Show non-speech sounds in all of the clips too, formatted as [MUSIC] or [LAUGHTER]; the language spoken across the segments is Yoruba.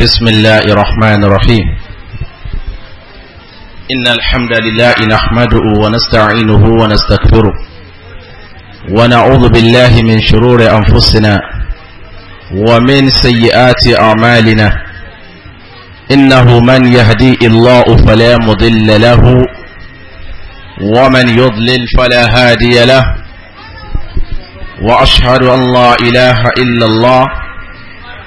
بسم الله الرحمن الرحيم إن الحمد لله نحمده ونستعينه ونستكبره ونعوذ بالله من شرور أنفسنا ومن سيئات أعمالنا إنه من يهدي الله فلا مضل له ومن يضلل فلا هادي له وأشهد أن لا إله إلا الله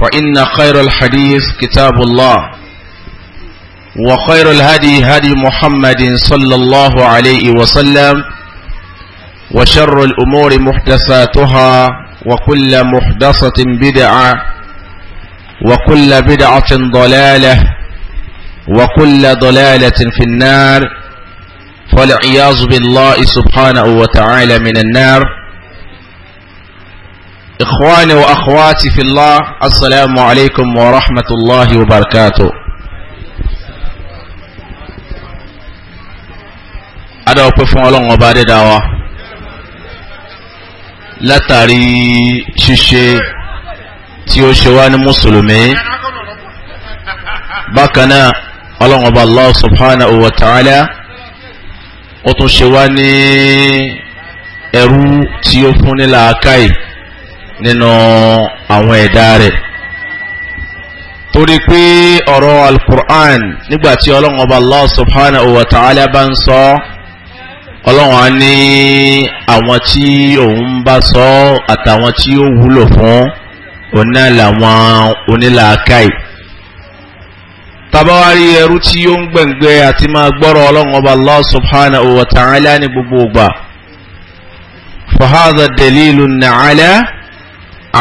فإن خير الحديث كتاب الله وخير الهدي هدي محمد صلى الله عليه وسلم وشر الأمور محدثاتها وكل محدثة بدعة وكل بدعة ضلالة وكل ضلالة في النار فالعياذ بالله سبحانه وتعالى من النار إخواني وأخواتي في الله السلام عليكم ورحمة الله وبركاته ada ọpẹ́ fún Ọlọ́run ọba dídá wa látàrí ṣíṣe tí ó ṣe wá ní mùsùlùmí bákan náà Ọlọ́run ọba Allah subhanahu wa ta'ala ó tún ṣe wá ní ẹrú tí ó fún ní làákàyè nínú àwọn ẹ̀dá rẹ̀ torí pé ọ̀rọ̀ al-Qur'an nígbàtí ọlọ́run ọba Allah subhanahu wa ta'ala bá ń sọ ọlọ́run á ní àwọn tí òun bá sọ àtàwọn tí ó wúlò fún òun náà làwọn onílàákàyè tabawari ẹrú tí ó ń gbẹ̀ngbẹ́ àti máa gbọ́rọ̀ ọlọ́run ọba Allah subhanahu wa ta'ala ní gbogbo ìgbà fahadha dalilun ala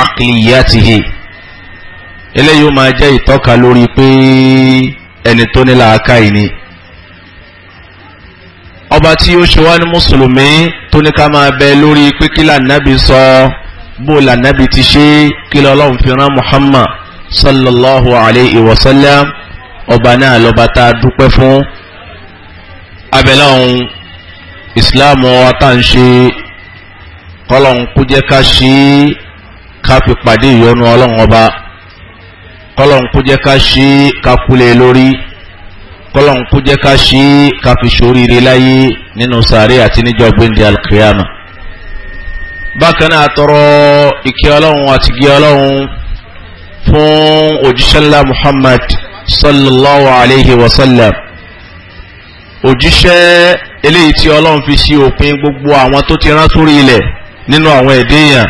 aqliyatihi eléyìí ó máa jẹ́ ìtọ́ka lórí pé ẹni tó ní làákàyè ni ọba tí ó ṣe wá ní mùsùlùmí tó ní ká máa bẹ lórí pé kí lànàbì sọ bó lànàbì ti ṣe kí lọ́lọ́run fi rán Muhammad sallallahu alayhi wa sallam ọba náà lọ́ba tá a dúpẹ́ fún abẹ́lẹ́ ọ̀hún ìsìláàmù wa tá à ṣe kọ́lọ̀ ń kú jẹ́ ká ṣe é ká fi pàdé ìyọnu ọlọ́run ọba kọ́lọ́run kó jẹ́ ká ṣe é ká kúlẹ̀ lórí kọ́lọ́run kó jẹ́ ká ṣe é ká fi ṣoríire láyé nínú sàárè àti níjọ́ gbẹ̀ndé alkiyama. bákan náà tọrọ ìkẹ́ ọlọ́run àti ìgẹ́ ọlọ́run fún òjíṣẹ́ ńlá Muhammad sallallahu alayhi wa sallam òjíṣẹ́ eléyìí tí ọlọ́run fi sí òpin gbogbo àwọn tó ti rán sórí ilẹ̀ nínú àwọn ẹ̀dẹ́yàn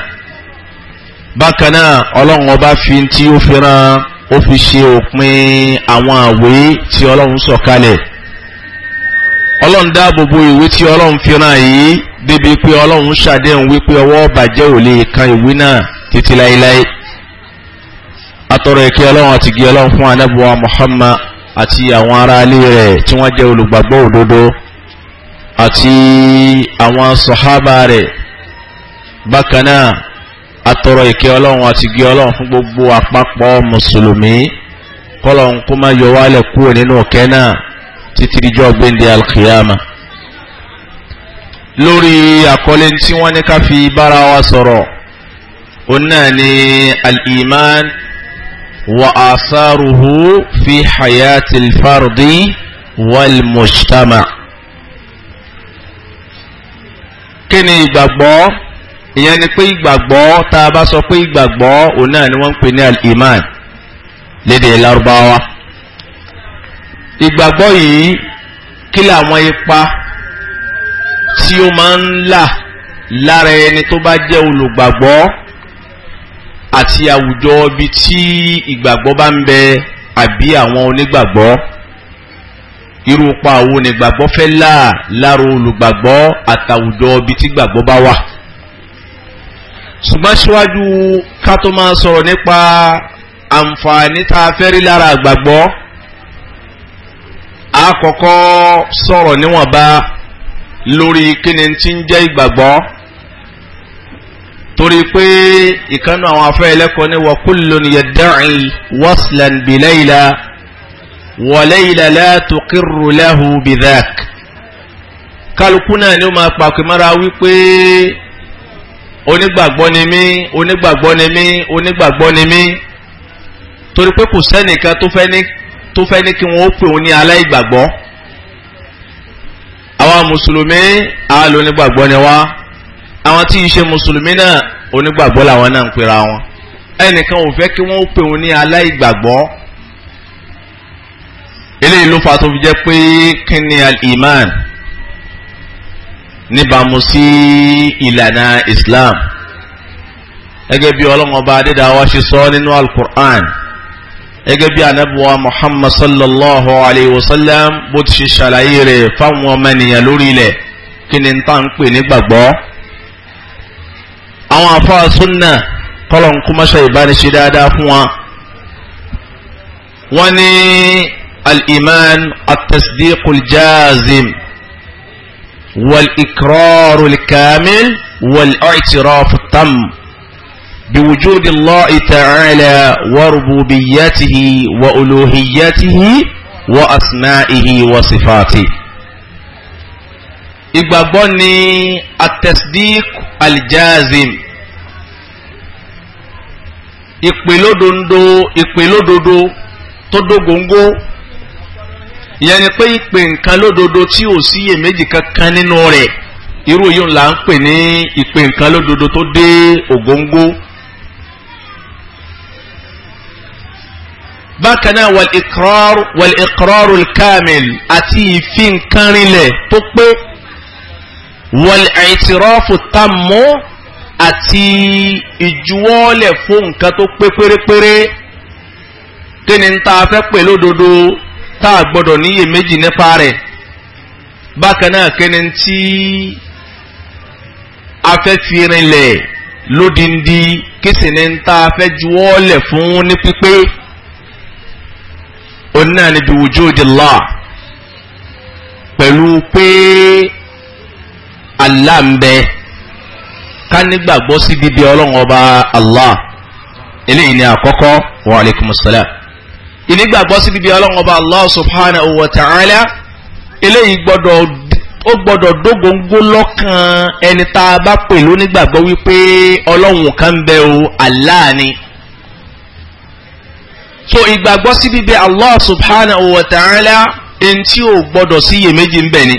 bákan náà ọlọ́run ọba fi tí ó fi rán ó fi ṣe òpin àwọn àwé tí ọlọ́run sọ kalẹ̀ ọlọ́run dáàbò bo ìwé tí ọlọ́run fi rán yìí débi pé ọlọ́run ṣàdéhùn wípé ọwọ́ bàjẹ́ ò lè kan ìwé náà títí láéláé atọrọ ìkẹ́ ọlọ́run àti gé ọlọ́run fún anábùwà Muhammad àti àwọn ará ilé rẹ̀ tí wọ́n jẹ́ olùgbàgbọ́ òdodo àti àwọn sọ̀hábà rẹ̀ bákan náà atọrọ ìkẹ́ ọlọ́run àti gé ọlọ́run fún gbogbo àpapọ̀ mùsùlùmí kọlọ́run kó má yọ wálẹ̀ kúrò nínú ọ̀kẹ́ náà títí dijọ́ gbéǹde alkiyama. lórí àkọlé tí wọ́n ní ká fi bára wa sọ̀rọ̀ òun náà ni al-iman wa asaruhu fi hayati al wal mujtama. kí ni ìgbàgbọ́? ìyẹn ni pé ìgbàgbọ́ tá a bá sọ pé ìgbàgbọ́ òun náà ni wọ́n ń pè ní al-iman lédè lárúbáwá ìgbàgbọ́ yìí kí làwọn ipa tí ó máa ń là lára ẹni tó bá jẹ́ olùgbàgbọ́ àti àwùjọ ibi tí ìgbàgbọ́ bá ń bẹ àbí àwọn onígbàgbọ́ irú pa àwọn onígbàgbọ́ fẹ́ là lára olùgbàgbọ́ àtàwùjọ ibi tí ìgbàgbọ́ bá wà ṣùgbọ́n síwájú ká tó máa sọ̀rọ̀ nípa àǹfààní tá a fẹ́ rí lára àgbàgbọ́ a kọ́kọ́ sọ̀rọ̀ níwọ̀nba lórí kíni tí ń jẹ́ ìgbàgbọ́ torí pé ìkànnì àwọn afẹ́ ẹlẹ́kọ̀ọ́ ní wàkúlò ní yadda'i waslan bi layla wa layla la tuqirru kálukú náà ni ó máa pàpẹ́ wípé onígbàgbọ́ ni mí onígbàgbọ́ ni mí onígbàgbọ́ ni mí torí pé kò sẹ́nìkan tó fẹ́ ní tó fẹ́ ní kí wọ́n ó pè òun ní aláìgbàgbọ́ àwọn mùsùlùmí àlò onígbàgbọ́ ni wá àwọn tí ì ṣe mùsùlùmí náà onígbàgbọ́ làwọn náà ń pera wọn ẹnìkan ò fẹ́ kí wọ́n ó pè òun ní aláìgbàgbọ́ eléyìí ló fa tó fi jẹ́ pé kí ni al-iman níbàámu sí ìlànà Islam gẹ́gẹ́ bí Ọlọ́hun Ọba adédáwá ṣe sọ nínú Al-Qur'an gẹ́gẹ́ bí anabuwa Muhammad sallallahu alayhi wa sallam bó ti ṣe ṣàlàyé rẹ̀ fáwọn ọmọ ènìyàn lórí ilẹ̀ kí ni tá ń pè ní gbàgbọ́ àwọn afáà súnà kọlọ̀n kúmọ́ṣẹ́ ìbánisẹ́ dáadáa fún wa wọ́n ní al-iman at-tasdiq al-jazim. al iman at tasdiq al jazim والإكرار الكامل والاعتراف التام بوجود الله تعالى وربوبيته وألوهيته وأسمائه وصفاته ìgbàgbọ́ ni atẹ̀sídík aljazim ìpèlódodo ìpèlódodo tó dógóńgó ìyẹn ni pé ìpè nǹkan lódodo tí ò sí iyèméjì kankan nínú rẹ̀ irú yìí là ń pè ní ìpè nǹkan lódodo tó dé ògóńgó. bákan náà wal iqrar wal iqrarul kamil àti ìfi nǹkan rinlẹ̀ tó pé wal i'tirafu tammu àti ìjuwọ́lẹ̀ fún nǹkan tó pé pérépéré kí ni ta fẹ́ pè lódodo tá a gbọ́dọ̀ níyè méjì nípa rẹ̀ bákan náà kẹ́ni tí afẹ́firinlẹ̀ lódindi kìsì ní ta afẹ́ juwọ́lẹ̀ fún ní pípé òun náà ni bí wujudillah pẹ̀lú pé Allah ń bẹ ká nígbàgbọ́ sí bíbí ọlọ́run ọba Allah eléyìí ni àkọ́kọ́ wa alaikumus salam ìnígbàgbọ́ sí bíbí ọlọ́run ọba allah subhanahu wa ta'ala eléyìí gbọ́dọ̀ ó gbọ́dọ̀ dógóńgó lọ́kàn ẹni tá a bá pè lónígbàgbọ́ wípé ọlọ́run kan ń bẹ o allah ni so ìgbàgbọ́ sí bíbí allah subhanahu wa ta'ala ẹni tí ò gbọ́dọ̀ sí iyèméjì ń bẹ ni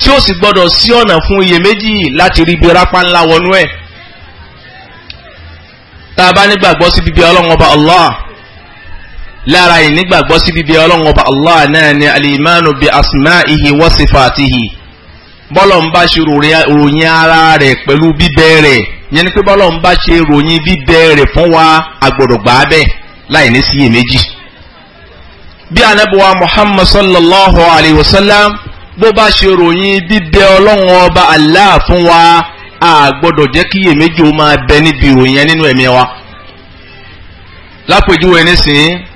tí ó sì gbọ́dọ̀ sí ọ̀nà fún iyèméjì láti rí ibi rápá ńlá wọnú ẹ̀ tá a bá nígbàgbọ́ sí bíbí ọlọ́run ọba allah. lára ìnígbàgbọ́ sí bíbí ọlọ́run ọba allah náà ni alimánu bi asma'ihi wa sifatihi bọ́lọ̀ ń bá ṣe ròyìn ara rẹ̀ pẹ̀lú bíbẹ rẹ̀ yẹn ni pé bá ṣe ròyìn rẹ̀ fún wa láì bí sallallahu alayhi wa sallam bó bá ṣe ròyìn ọlọ́run ọba allah fún wa àgbọ́dọ̀ jẹ́ kí iyèméjì ó máa bẹ níbi yẹn nínú ẹ̀mí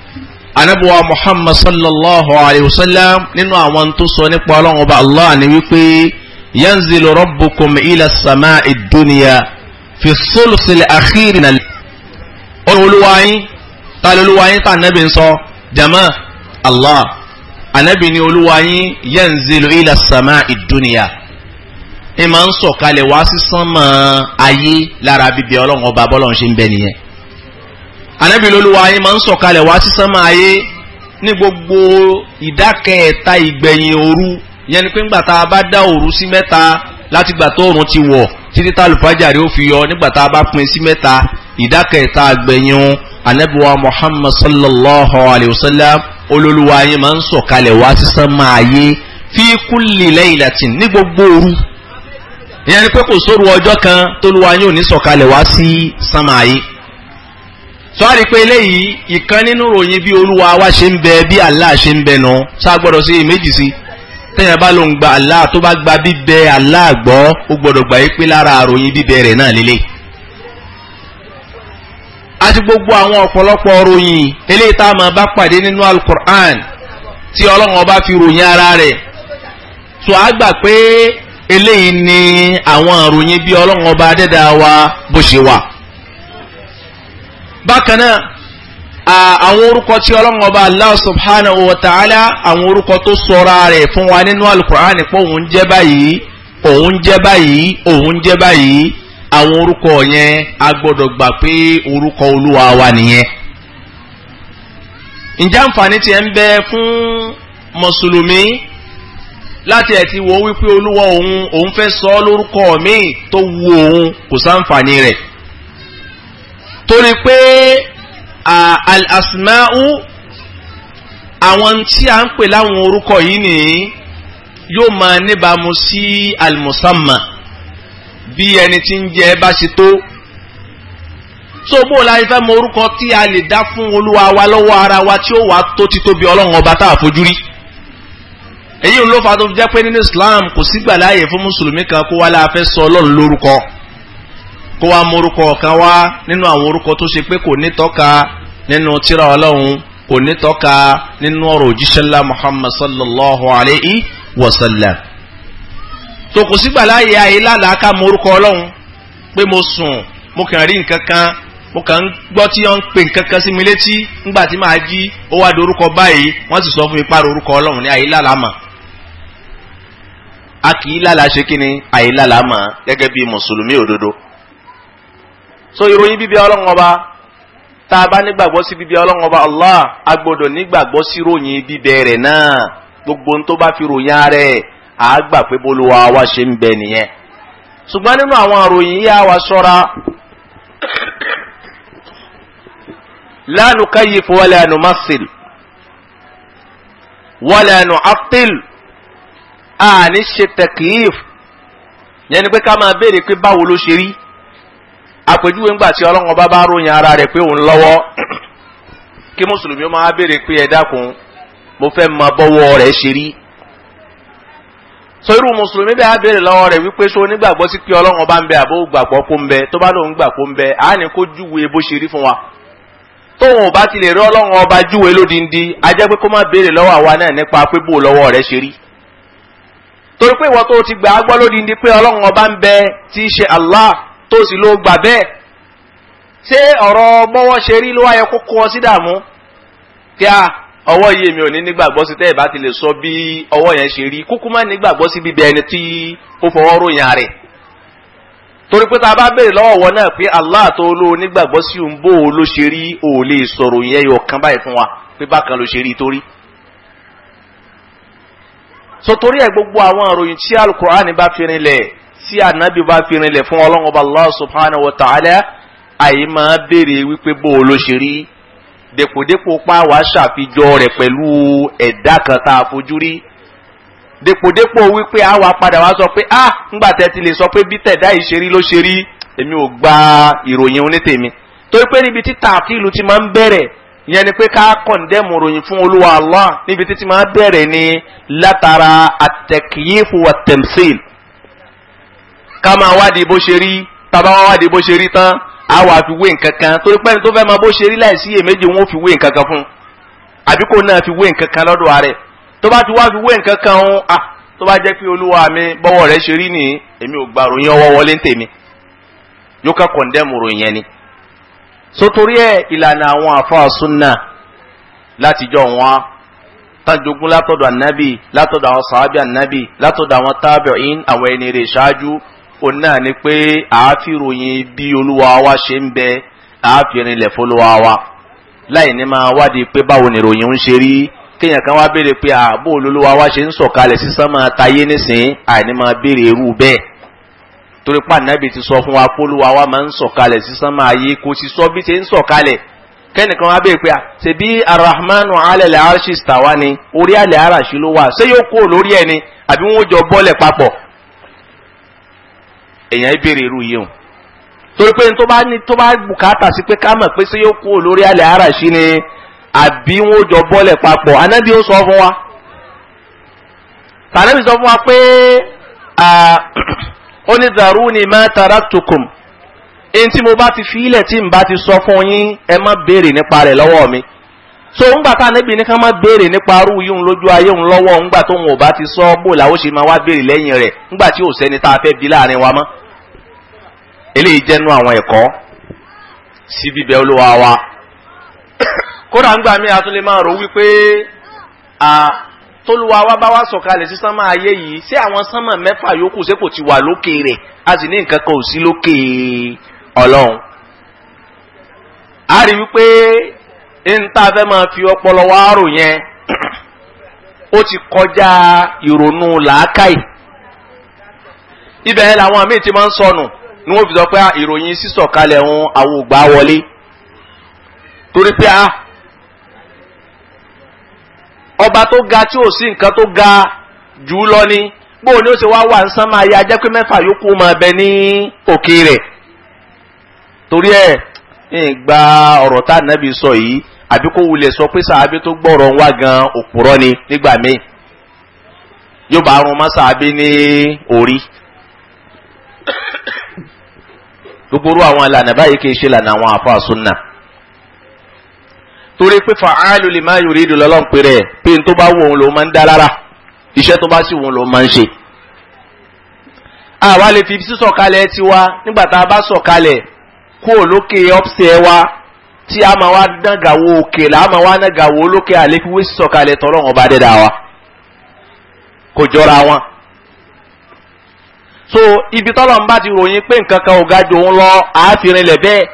anabuwa muhammad sallallahu alayhi wa sallam nínú àwọn tó sọ nípa ọlọ́run ọba allah ni wípé yanzilu rabbukum ila sama iduniya fi sulusil akhiri na olùwàyín ta ló olùwàyín ta anabi ń sọ jama allah anabi ni olùwàyín yanzilu ila sama iduniya ìmọ̀ ń sọ̀kalẹ̀ wá sí sánmà ayé lára bíbí ọlọ́run ọba bọ́lọ́run ṣe ń bẹ nìyẹn anabi lolúwa yín máa ń sọ̀kalẹ̀ wá sí sánmà ayé ní gbogbo ìdákẹ́ẹ̀ta ìgbẹ̀yìn òru yẹn ni pé ńgbà tá a bá dá òru sí mẹ́ta láti gbà tó òrùn ti wọ̀ títí tá àlùfájàre ó fi yọ nígbà tá a bá pín sí mẹ́ta ìdákẹ́ẹ̀ta ìgbẹ̀yìn anabi wa muhammad sallallahu alayhi wa sallam olólùwà yín máa ń sọ̀kalẹ̀ wá sí sánmà ayé fi kulli laylatin ní gbogbo òru ìyẹn ni pé kò sóru ọjọ́ kan tólúwa yín ò ní sọ̀kalẹ̀ wá sí sánmà ayé tó a rí pé eléyìí ìkan nínú ròyìn bí olúwa wa ṣe ń bẹ bí Allah ṣe ń bẹ nà ṣá gbọ́dọ̀ sí méjì sí tẹ́yìn bá ló ń gba Allah tó bá gba bíbẹ Allah gbọ́ ó gbọ́dọ̀ gbà yí pé lára ròyìn bíbẹ rẹ̀ náà lélẹ̀ àti gbogbo àwọn ọ̀pọ̀lọpọ̀ ròyìn eléyìí tá a máa bá pàdé nínú alukur'an tí ọlọ́run ọba fi ròyìn ara rẹ̀ tó a gbà pé eléyìí ni àwọn ròyìn bí ọlọ́run ọba adẹ́dàá wa bó ṣe wà. bákan àwọn orúkọ tí ọlọ́run ọba allah subhanahu wa ta'ala àwọn orúkọ tó sọra rẹ̀ fún wa nínú alukur'an pé òun jẹ́ báyìí òun jẹ́ báyìí òun jẹ́ báyìí àwọn orúkọ yẹn a gbọ́dọ̀ gbà pé orúkọ olúwa wa nìyẹn. ǹjẹ́ àǹfààní tiẹ̀ ń bẹ sọ lórúkọ míì tó wu òun kò torí pé al-asma'u àwọn tí a ń pè láwọn orúkọ yìí nìyí yóò máa níbàámu sí almusamma bí ẹni tí ń jẹ bá ṣe tó so bó la fẹ́ mọ orúkọ tí a lè dá fún olúwa wa lọ́wọ́ ara wa tí ó wàá tó títóbi ọlọ́run ọba tá a fojú rí èyí ló fà tó jẹ́ pé nínú Islam kò sígbà láàyè fún mùsùlùmí kan kó wá la sọ ọlọ́run lórúkọ kó wá morúkọ ọ̀kan wá nínú àwọn orúkọ tó ṣe pé kò ní tọ́ka nínú tírà ọlọ́run kò ní tọ́ka nínú ọ̀rọ̀ òjíṣẹ́ ńlá Muhammad sallallahu alayhi wa sallam tó kù sígbà láàyè ayé lálàá ká ọlọ́run pé mo sùn mo kàn rí nǹkan kan mo kàn ń gbọ́ tí wọ́n ń pè nǹkan kan sí mi létí sọ fún mi orúkọ ọlọ́run ní ayé lálàá a kì í lálàá ṣe kí ni ayé lálàá gẹ́gẹ́ bí so ìròyìn bíbí ọlọ́run ọba tá a bá nígbàgbọ́ sí bíbí ọlọ́run ọba allah a gbọ́dọ̀ nígbàgbọ́ sí ròyìn bíbẹ rẹ̀ náà gbogbo ohun tó bá fi ròyìn ara ẹ̀ á gbà pé bolúwa wa ṣe ń bẹ nìyẹn ṣùgbọ́n nínú àwọn àròyìn yá wa ṣọ́ra la nukayif masil numassil wala aftil àní ṣe tẹ̀kìíf yẹn ni pé ká máa béèrè pé báwo ló ṣe rí àpèjúwe ńgbà tí ọlọ́run ọba bá ròyìn ara rẹ̀ pé òun lọ́wọ́ kí mùsùlùmí ó máa béèrè pé ẹ dákun mo fẹ́ mọ bọ́wọ́ rẹ̀ ṣe rí so irú mùsùlùmí bẹ́ẹ̀ á béèrè lọ́wọ́ rẹ̀ wípé so onígbàgbọ́ sí pé ọlọ́run ọba ń bẹ àbó gbàgbọ́ kó ń bẹ tó bá lóun gbà kó ń bẹ á ní kó júwe bó ṣe rí fún wa tóun ò bá ti lè rí ọlọ́run ọba júwe lódindi a jẹ́ pé kó má béèrè lọ́wọ́ àwa náà nípa pé bó lọ́wọ́ rẹ̀ ṣe rí torí pé ìwọ tó ti gbà á gbọ́ lódindi pé ọlọ́run ọba ń bẹ tí í ṣe Allah tó sì lọ gbà bẹ́ẹ̀ ṣé ọ̀rọ̀ bọ́wọ́ ṣe rí ló wáyé kókó ọ sí dààmú kí a ọwọ́ yìí èmi ò ní nígbàgbọ́ sí tẹ́ẹ̀ bá ti lè sọ bí ọwọ́ yẹn ṣe rí kúkú má nígbàgbọ́ sí bíbẹ ẹni tí ó fọwọ́ ròyìn rẹ̀ torí pé tá bá béèrè lọ́wọ́ wọn náà pé Allah tó ló nígbàgbọ́ sí òun bó o ló ṣe rí o ò lè sọ̀rọ̀ yẹn yọ kan báyìí fún wa pé bákan ló ṣe rí torí. so torí ẹ gbogbo àwọn ìròyìn tí alukur'an bá fi rinlẹ̀ tí ànábì bá fi rinlẹ̀ fún ọlọ́run ọba Allah subhanahu wa ta'ala àyè máa béèrè wípé bó o ló ṣe rí dèpòdépò pa wàá ṣàfijọ́ rẹ̀ pẹ̀lú ẹ̀dá kan tá a fojú rí dèpòdépò wípé a wàá padà wá sọ pé ah ńgbà tẹ́ ti lè sọ pé bí tẹ̀dá yìí ṣe rí ló ṣe rí èmi ò gba ìròyìn onítèmi torí pé níbi tí tààkìlù ti máa ń bẹ̀rẹ̀ ìyẹn ni pé ká kọ̀ǹdẹ́mù ròyìn fún olúwa Allah níbi títí máa bẹ̀rẹ̀ ni látara àtẹ̀kìyéfù wa tẹ̀mṣìl ká máa wádìí bó ṣe rí tábà wá wádìí bó ṣe rí tán á wà fi wé nǹkan kan torí pẹ́ni tó fẹ́ máa bó ṣe rí láìsí èméjì wọn ò fi wé nǹkan kan fún un àbí kò náà fi wé nǹkan kan lọ́dọ̀ ààrẹ tó bá ti wá fi wé nǹkan kan òun à tó bá jẹ́ pé olúwa mi bọ́wọ́ rẹ̀ ṣe rí nìyí èmi ò gba ròyìn ọwọ́ wọlé ń tèmi yóò ká kọ̀ndẹ́mù ròyìn ẹni sotori ẹ ìlànà àwọn àfáà látijọ́ wọn tájogún látọ̀dọ̀ ànábì látọ̀dọ̀ àwọn sàábì ànábì látọ̀dọ̀ àwọn tábìín àwọn ẹni rè ṣáájú òun náà ni pé àáfìròyìn bí olúwa wa ṣe ń bẹ àáfìrin ilẹ̀ fọlọ́wà wa láì ní máa wádìí pé báwo ni ìròyìn ń ṣe rí kéèyàn kan wá béèrè pé ààbò olúwa wa ṣe ń sọ̀kalẹ̀ sí sánmà tayé nísìn àìní máa béèrè torí ànábì ti sọ fún wa pé olúwa wa máa ń sọ̀kalẹ̀ sí sánmà ayé kò sì sọ bí ṣe ń sọ̀kalẹ̀ wá béèrè pé arahmanu arṣistawa ni orí alẹ́ ló wà ṣé yóò kó lórí ẹni àbí wọ́n jọ èèyàn ìbéèrè irú yìí o torí pé tó bá ní tó bá bùkátà sí pé ká mọ̀ pé ṣé yóò kú olórí àlẹ́ àràṣí ni àbí wọn ò jọ bọ́lẹ̀ papọ̀ anábì ó sọ fún wa tànábì sọ fún wa pé ó ní dàrú ni má taraktukum ẹni tí mo bá ti fi ilẹ̀ tí n bá ti sọ fún yín ẹ má béèrè nípa rẹ̀ lọ́wọ́ mi so ńgbà tá níbi ní ká má béèrè nípa arú yíyún lójú ayé òun lọ́wọ́ ńgbà tó òun ò bá ti sọ bó làwọn ṣe máa wá béèrè lẹ́yìn rẹ̀ ńgbà tí ò sẹ́ni tá a fẹ́ bi láàrin wa mọ́ eléyìí jẹ́nu àwọn ẹ̀kọ́ sí bíbẹ olúwa wa [COUGHS] kódà ńgbà mi àtúnlẹ̀ máa rò wípé a tolúwa wa bá wa sọ̀kalẹ̀ sí sánmà ayé yìí ṣé àwọn sánmà mẹ́fà yòókù ṣé kò ti wà lókè rẹ̀ a sì ní nǹkan kan ò sí lókè ọlọ́run. a rí wípé níta fẹ́ máa fi ọpọlọ wá rò yẹn [CLEARS THROAT] ó ti kọjá ìrònú làákàyè ibẹ̀ làwọn míì ti máa ń sọnù ni wọ́n fi sọ pé ah, ìròyìn sísọ̀kalẹ̀ ń àwọn wọlé torí pé a ah, ọba tó ga tí ò sí nǹkan tó ga jù ú lọ ni bóun ni ó ṣe wá wà ń sánmà ya jẹ́ pé mẹ́fà yòókù máa bẹ ní òkè rẹ̀ torí ẹ̀ ń gba ọ̀rọ̀ tá ànábì sọ yìí àbí kó wulẹ̀ sọ pé sàábé tó gbọ́rọ̀ wá gan òpùrọ́ ni nígbà míì yóò bá rún mọ́ sàábé ní orí gbogbo orú àwọn ìlànà báyìí kì í ṣe ìlànà àwọn àfa sunna torí pé fàáàlù lè má yòrí ìdù lọ́lọ́n pé rẹ̀ pé n tó bá wù òun ló máa ń dá rárá iṣẹ́ tó bá sì wù òun ló máa ń ṣe. àwa lè fi sísọ̀kalẹ̀ tiwa nígbà tá a bá sọ̀kalẹ̀ kó lókè ọ́pṣẹ̀ wa tí a máa wá nàgàwó òkè là á máa wá nàgàwó olókè àlékúwé sọ̀kalẹ̀ tọ́lọ́run ọba dẹ́dá wa kò jọra wọn. so ibi tọ́lọ́run bá ti ròyìn pé nǹkan kan ò ga jù òun lọ àáfìrin lẹ̀ bẹ́ẹ̀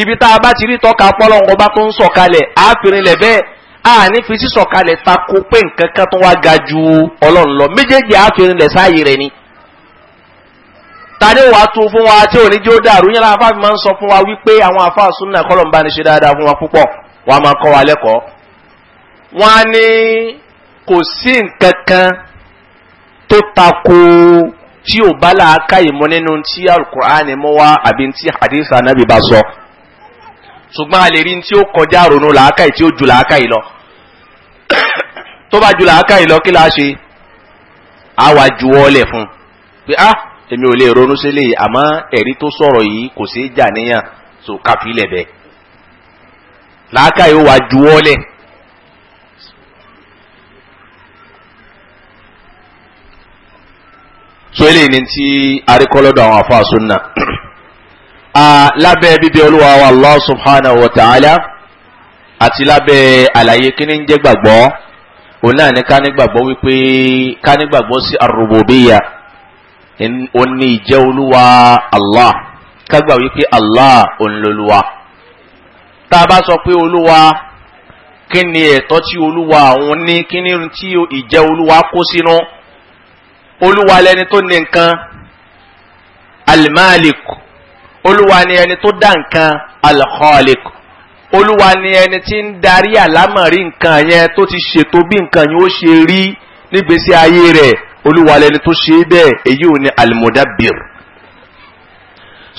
ibi tá a bá ti rí tọ́ka pọ́lọ́run ọba tó ń sọ̀kalẹ̀ àáfìrin lẹ̀ bẹ́ẹ̀ a ní fi sísọ̀kalẹ̀ tako pé nǹkan kan tó wá ga jù ọlọ́run lọ méjèèjì àáfìrin lẹ̀ sáàyè rẹ̀ ni tani wàá tún fún wa tí òní jó dàrú yẹn láwọn afáàfin máa ń sọ fún wa wípé àwọn afáà súnà kọlọ̀ ń bá ní ṣe dáadáa fún wa púpọ̀ wọ́n máa kọ́ wa lẹ́kọ̀ọ́. wọ́n á ní kò sí nǹkan kan tó tako tí ò bá làákàyè mọ́ nínú tí alukur'an mọ́ wá àbí tí hadith anabi bá sọ. ṣùgbọ́n a lè rí tí ó kọjá ronú làákàyè tí ó ju làákàyè lọ. tó bá ju làákàyè lọ kí la ṣe? àwa juwọ́ fún un pé ah èmi ò lè ronú sí lè àmọ́ ẹ̀rí tó sọ̀rọ̀ yìí kò sí jà níyàn so káfílẹ̀ bẹ́ẹ̀ làákàyè wà juwọ́lẹ̀ so ni ti arikọ́lọ́dọ̀ àwọn afa a lábẹ́ bíbí olúwa wa Allah subhanahu wa ta'ala àti lábẹ́ àlàyé kíní ń jẹ́ gbàgbọ́ òun náà ni ká ní gbàgbọ́ wípé ká ní gbàgbọ́ sí òun ni ìjẹ́ olúwa Allah kágbà wípé Allah òun lolúwa tá a bá sọ pé olúwa kí ni ẹ̀tọ́ tí olúwa àwọn ní kí ni tí ìjẹ́ olúwa kó sínú olúwa lẹni tó ní nǹkan alimalik olúwa ni ẹni tó dá nǹkan alkhalik olúwa ni ẹni tí ń darí àlámọ̀rí nǹkan yẹn tó ti ṣètò bí nǹkan yẹn ṣe rí nígbésí ayé rẹ̀ olúwa lẹni tó ṣe bẹ́ẹ̀ èyí ò ní almudabbir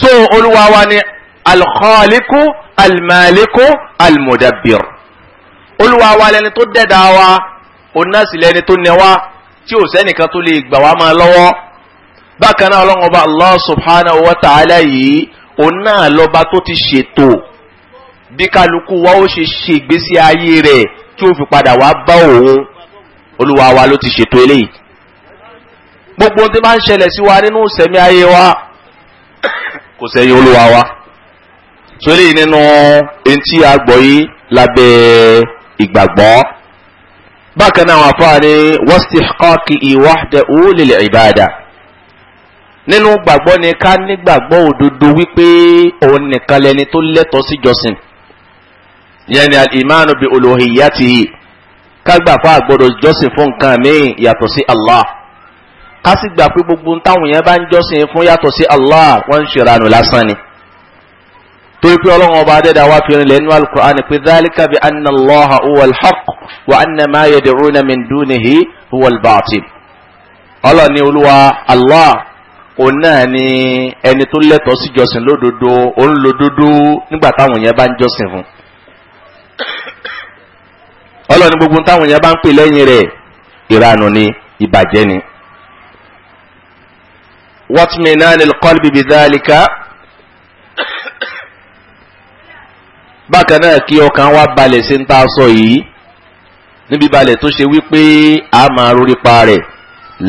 so olúwa wa ni alkhaliku almaliku almudabbir olúwa wa lẹni tó dẹ̀dá wa onásì lẹni tó nẹ wa tí ò sẹ́nìkan tó lè gbà wá máa lọ́wọ́ bákan náà ọlọ́run ọba allah subhanahu wa ta'ala yìí òun náà tó ti ṣètò bí kálukú wa ó ṣe ṣègbésí ayé rẹ̀ tí ó fi padà wá bá òun olúwa ló ti ṣètò eléyìí gbogbo tí máa ń ṣẹlẹ̀ sí wa nínú sẹ̀mí ayé wa kò sẹ́yìn olúwa wa sórí nínú etí agbọ̀ yìí lábẹ́ ìgbàgbọ́ bákan náà àwọn afáà ní wastihqaqi wahdahu lil ibada nínú gbàgbọ́ ni ká nígbàgbọ́ òdodo wípé òun nìkan lẹni tó lẹ́tọ̀ọ́ sí jọ́sìn yẹn ni al-imanu bi uluhiyyatihi ká gbà fún jọ́sìn fún nǹkan míì yàtọ̀ sí Allah ká sì gbà pé gbogbo táwọn yẹn bá ń jọ́sìn fún yàtọ̀ sí Allah wọ́n ń ṣèrànù lásán ni. torí pé ọlọ́run ọba adẹ́dàá wá fi rinlẹ̀ nínú alukur'an pé dhalika bi anna Allaha huwa al wa anna ma yad'una min dunihi huwa al-batil. ọlọ́ni olúwa Allah òun náà ni ẹni tó lẹ́tọ̀ọ́ sí jọ́sìn lódodo òun lódodo nígbà táwọn yẹn bá ń jọ́sìn fún. ọlọ́ni gbogbo táwọn yẹn bá ń pè lẹ́yìn rẹ̀ ìranù ni ìbàjẹ́ ni. واطمئنان القلب بذلك bákan náà kí ọkàn wa balẹ̀ sí ń tá a sọ yìí níbi balẹ̀ tó ṣe wípé a máa rorípa rẹ̀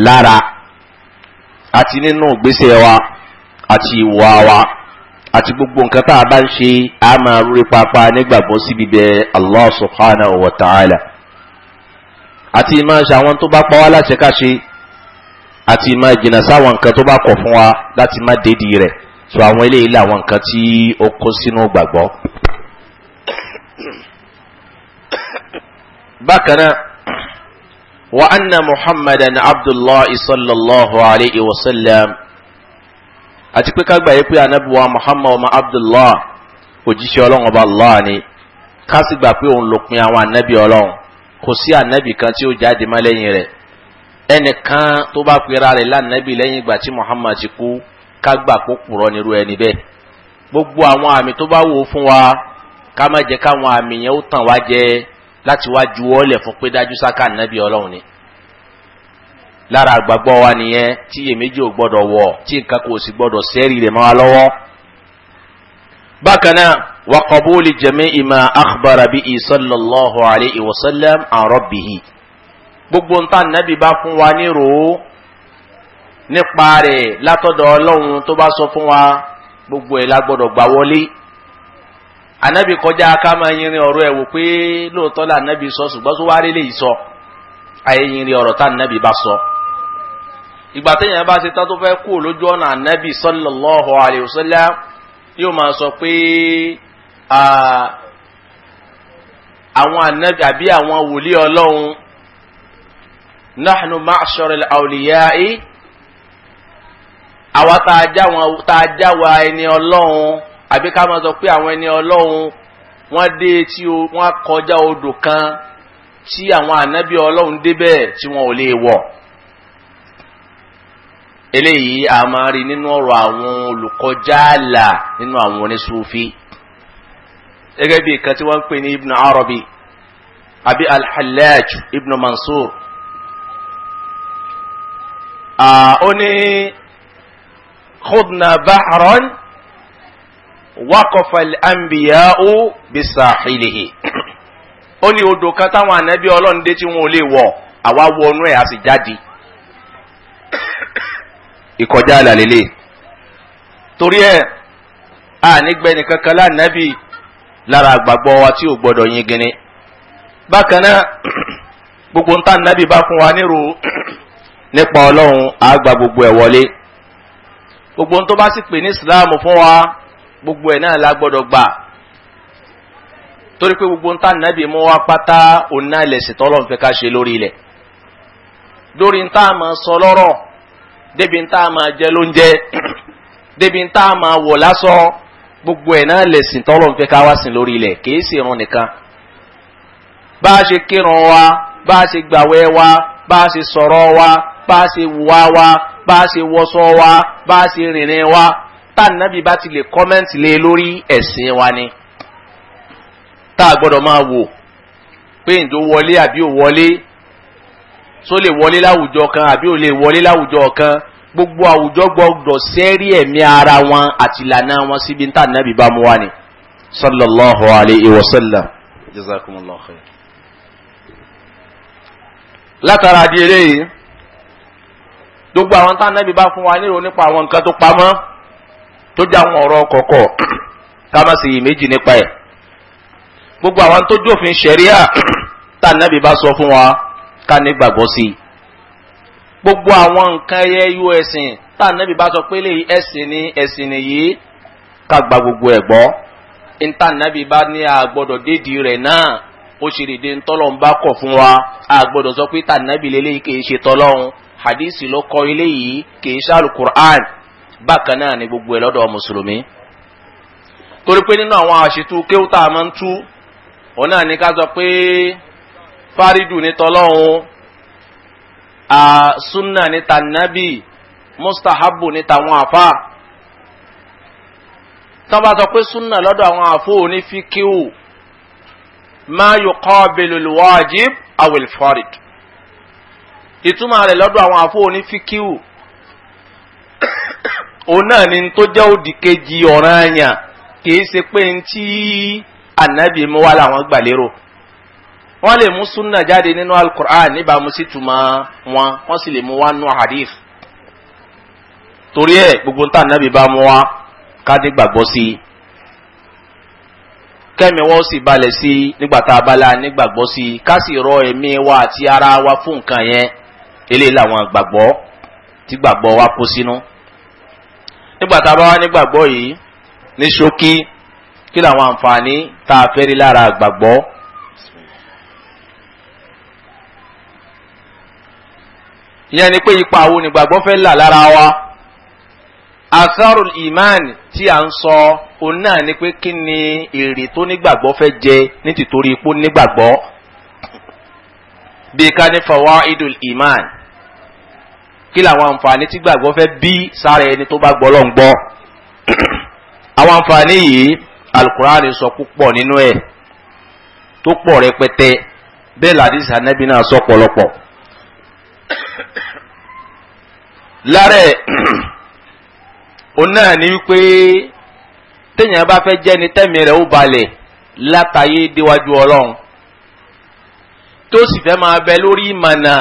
lára àti nínú ìgbésẹ̀ wa àti ìwà wa àti gbogbo nǹkan tá a bá ń ṣe a máa rorípa pa nígbàgbọ́ síbi bẹ Allah subhanahu wa ta'ala àti máa ṣe àwọn tó bá pa wá láṣẹ ká ṣe àti máa jìnnà sáwọn nǹkan tó bá kọ̀ fún wa láti má dédìí rẹ̀ so àwọn eléyìí làwọn nǹkan tí ó kó sínú gbàgbọ́. bákan náà wa anna muhammadan abdullahi sallallahu alayhi wa sallam àti pé ká gbà yí pé anabiwa muhammad ọmọ abdullahi òjíṣẹ́ ọlọ́run ọba allah ni ká sì gbà pé òun lòpin àwọn anabi ọlọ́run kò sí anabi kan tí ó jáde má lẹ́yìn rẹ̀ ẹnìkan tó bá pera rẹ̀ lánàbì lẹ́yìn ìgbà tí Muhammad ti kú ká gbà kó purọ́ nírú ẹni bẹ́ẹ̀ gbogbo àwọn àmì tó bá wò ó fún wa ká má jẹ́ káwọn àmì yẹn ó tàn wá jẹ láti wá ju ọ́lẹ̀ fún pé dájú sáká nàbì ọlọ́run ni lára àgbàgbọ́ wa nìyẹn tí iyèméjì ò gbọ́dọ̀ wọ̀ tí nǹkan kò sì gbọ́dọ̀ sẹ́rì rẹ̀ mọ́ wa lọ́wọ́. bákan náà wa qabuli jami'i ma akhbara bihi sallallahu alayhi wa sallam an rabbihi gbogbo ń tà bá fún wa nírò ó nípa rẹ̀ látọ̀dọ̀ ọlọ́run tó bá sọ fún wa gbogbo ẹ̀ la gbọ́dọ̀ gbà wọlé ànábì kọjá ká máa yinrin ọ̀rọ̀ ẹ̀ wò pé lóòótọ́ là ànábì sọ ṣùgbọ́n tó wá rí lè sọ ayé yinrin ọ̀rọ̀ tá ànábì bá sọ ìgbà téèyàn bá ṣe tán tó fẹ́ kú lójú ọ̀nà ànábì sallallahu alayhi yóò máa sọ pé àwọn anabi àbí àwọn wòlíì ọlọ́run nahnu ma'ashara al-awliya'i àwa tá a já wọn tá a já wa ẹni ọlọ́run àbí ká máa sọ pé àwọn ẹni ọlọ́run wọ́n dé etí o wọ́n kọjá odò kan tí àwọn ànábì ọlọ́run débẹ̀ tí wọn ò lè wọ̀ eléyìí a máa rí nínú ọ̀rọ̀ àwọn olùkọjá nínú àwọn oníṣòfì gẹ́gẹ́ bí ìkan tí wọ́n ń pè ní ibn arabi àbí alhallaj ibn mansur ó ní khudna bahran waqafa al-anbiya'u bisahilihi ó ní odò kan táwọn ànábì ọlọ́run dé tí wọn ò lè wọ̀ àwa wọnú ẹ̀ a sì jáde ìkọjá àlàlélẹ̀ torí ẹ̀ ànígbẹ́ni kankan lánàbì lára àgbàgbọ́ wa tí ò gbọ́dọ̀ yin gini bákan náà gbogbo nta nàbì bá fún wa nírú nípa ọlọ́run á gba gbogbo ẹ̀ wọlé gbogbo ohun tó bá sì pè ní ìsìláàmù fún wa gbogbo ẹ̀ náà la gbọ́dọ̀ gbà torí pé gbogbo ohun tá nàbì mú wa pátá òun náà lè ṣètò ọlọ́run fẹ́ ká ṣe lórí ilẹ̀ lórí ń tá a sọ lọ́rọ̀ débi ń tá a jẹ lóúnjẹ [COUGHS] débi ń tá a wọ̀ lásọ gbogbo ẹ̀ náà lè ṣètò ọlọ́run fẹ́ ká wá sìn lórí ilẹ̀ kì í sì ràn nìkan bá a ṣe kírun wa bá a ṣe gbàwẹ̀ wa bá a ṣe sọ̀rọ̀ wa bá a ṣe wá wa bá a ṣe wọṣọ wa bá a ṣe rìnrìn wa tá nàbí bá ti lè kọ́mẹ́ǹtì lé e lórí ẹ̀sìn wa ni tá a gbọ́dọ̀ máa wò pé ǹjọ́ wọlé àbí ò wọlé tó lè wọlé láwùjọ kan àbí ò lè wọlé láwùjọ kan gbogbo àwùjọ gbọ́dọ̀ sẹ́rí ẹ̀mí ara wọn àti ìlànà wọn síbi tá nàbí bá mu wá ni sallallahu alayhi wa sallam jazakumullahu khair látara di eléyìí gbogbo àwọn tá ànábì bá fún wa nírò nípa àwọn nǹkan tó pamọ́ tó jẹ́ àwọn ọ̀rọ̀ kọ̀ọ̀kọ̀ ká má sì méjì nípa ẹ̀ gbogbo àwọn tó jófin ṣẹ̀ríà tá ànábì bá sọ fún wa ká ní gbàgbọ́ sí i gbogbo àwọn nǹkan ẹyẹ yú ẹ̀sìn tá ànábì bá sọ pé léyìí ẹ̀sìn ni ẹ̀sìn nìyí ká gba gbogbo ẹ̀ gbọ́ níta ànábì bá ní àgbọ́dọ̀ dédìí rẹ̀ náà ó ṣe dédé ńtọ́lọ́ ń bá kọ̀ fún wa àgbọ́dọ̀ sọ pé tànábì lélẹ́yìí kì í ṣe tọ́lọ́run hadisi ló kọ ilé yìí kìí ṣáàlù quran bákan náà ni gbogbo ẹ lọ́dọ̀ mùsùlùmí. torí pé nínú àwọn àṣetú kéwù tá a máa ń tú òun náà ní ká sọ pé fárídù ní tọlọ́hún sunna ní tànàbì mustahabu ní tàwọn àfa. tọ́ba sọ pé sunna lọ́dọ̀ àwọn àfo òní fi máa yọ kọ́ bẹ̀lẹ̀ wájib awil farid ìtumọ̀ rẹ̀ lọ́dọ̀ àwọn àfọ onífíkíwù òun náà ni tó jẹ́ òdì kejì ọ̀ràn àyàn kìí ṣe pé ní tí ànábì mú wá làwọn gbà lérò wọ́n lè mú súnà jáde nínú alukur'an níbàámu sí tuma wọn wọ́n sì lè mú wá nù hadith torí ẹ̀ gbogbo nta ànábì bá mú wá ká ní gbàgbọ́ sí i kẹ́mi wọ́n sì balẹ̀ sí i nígbà tá nígbàgbọ́ sí ká sì rọ ẹ̀mí wa àti ara wa fún nǹkan yẹn eléyìí làwọn gbàgbọ́ tí gbàgbọ́ wa kó sínú nígbà tá a bá wá ní gbàgbọ́ yìí ní ṣókí kí làwọn àǹfààní tá a fẹ́ rí lára gbàgbọ́. ìyẹn ni pé ipa wo ni gbàgbọ́ fẹ́ là lára wa asarul iman tí a ń sọ òun náà ni pé kí ni èrè tó nígbàgbọ́ fẹ́ jẹ ní tìtorí ipò nígbàgbọ́ bí ká ní fawaidul iman kí làwọn àǹfààní tí gbàgbọ́ fẹ́ bí sára ẹni tó bá gbọ́ lọ́n gbọ́ [CLEARS THROAT] àwọn àǹfààní yìí alukur'ani sọ púpọ̀ nínú ẹ̀ tó pọ̀ rẹpẹtẹ bẹ́ẹ̀ làdísì anẹ́bí náà sọ pọ̀lọpọ̀ [CLEARS THROAT] lára ẹ̀ [CLEARS THROAT] òun náà ni wípé téèyàn bá fẹ́ jẹ́ni tẹ́mi rẹ̀ ó balẹ̀ látàyé déwájú ọlọ́run tó sì fẹ́ máa bẹ lórí ìmọ̀nà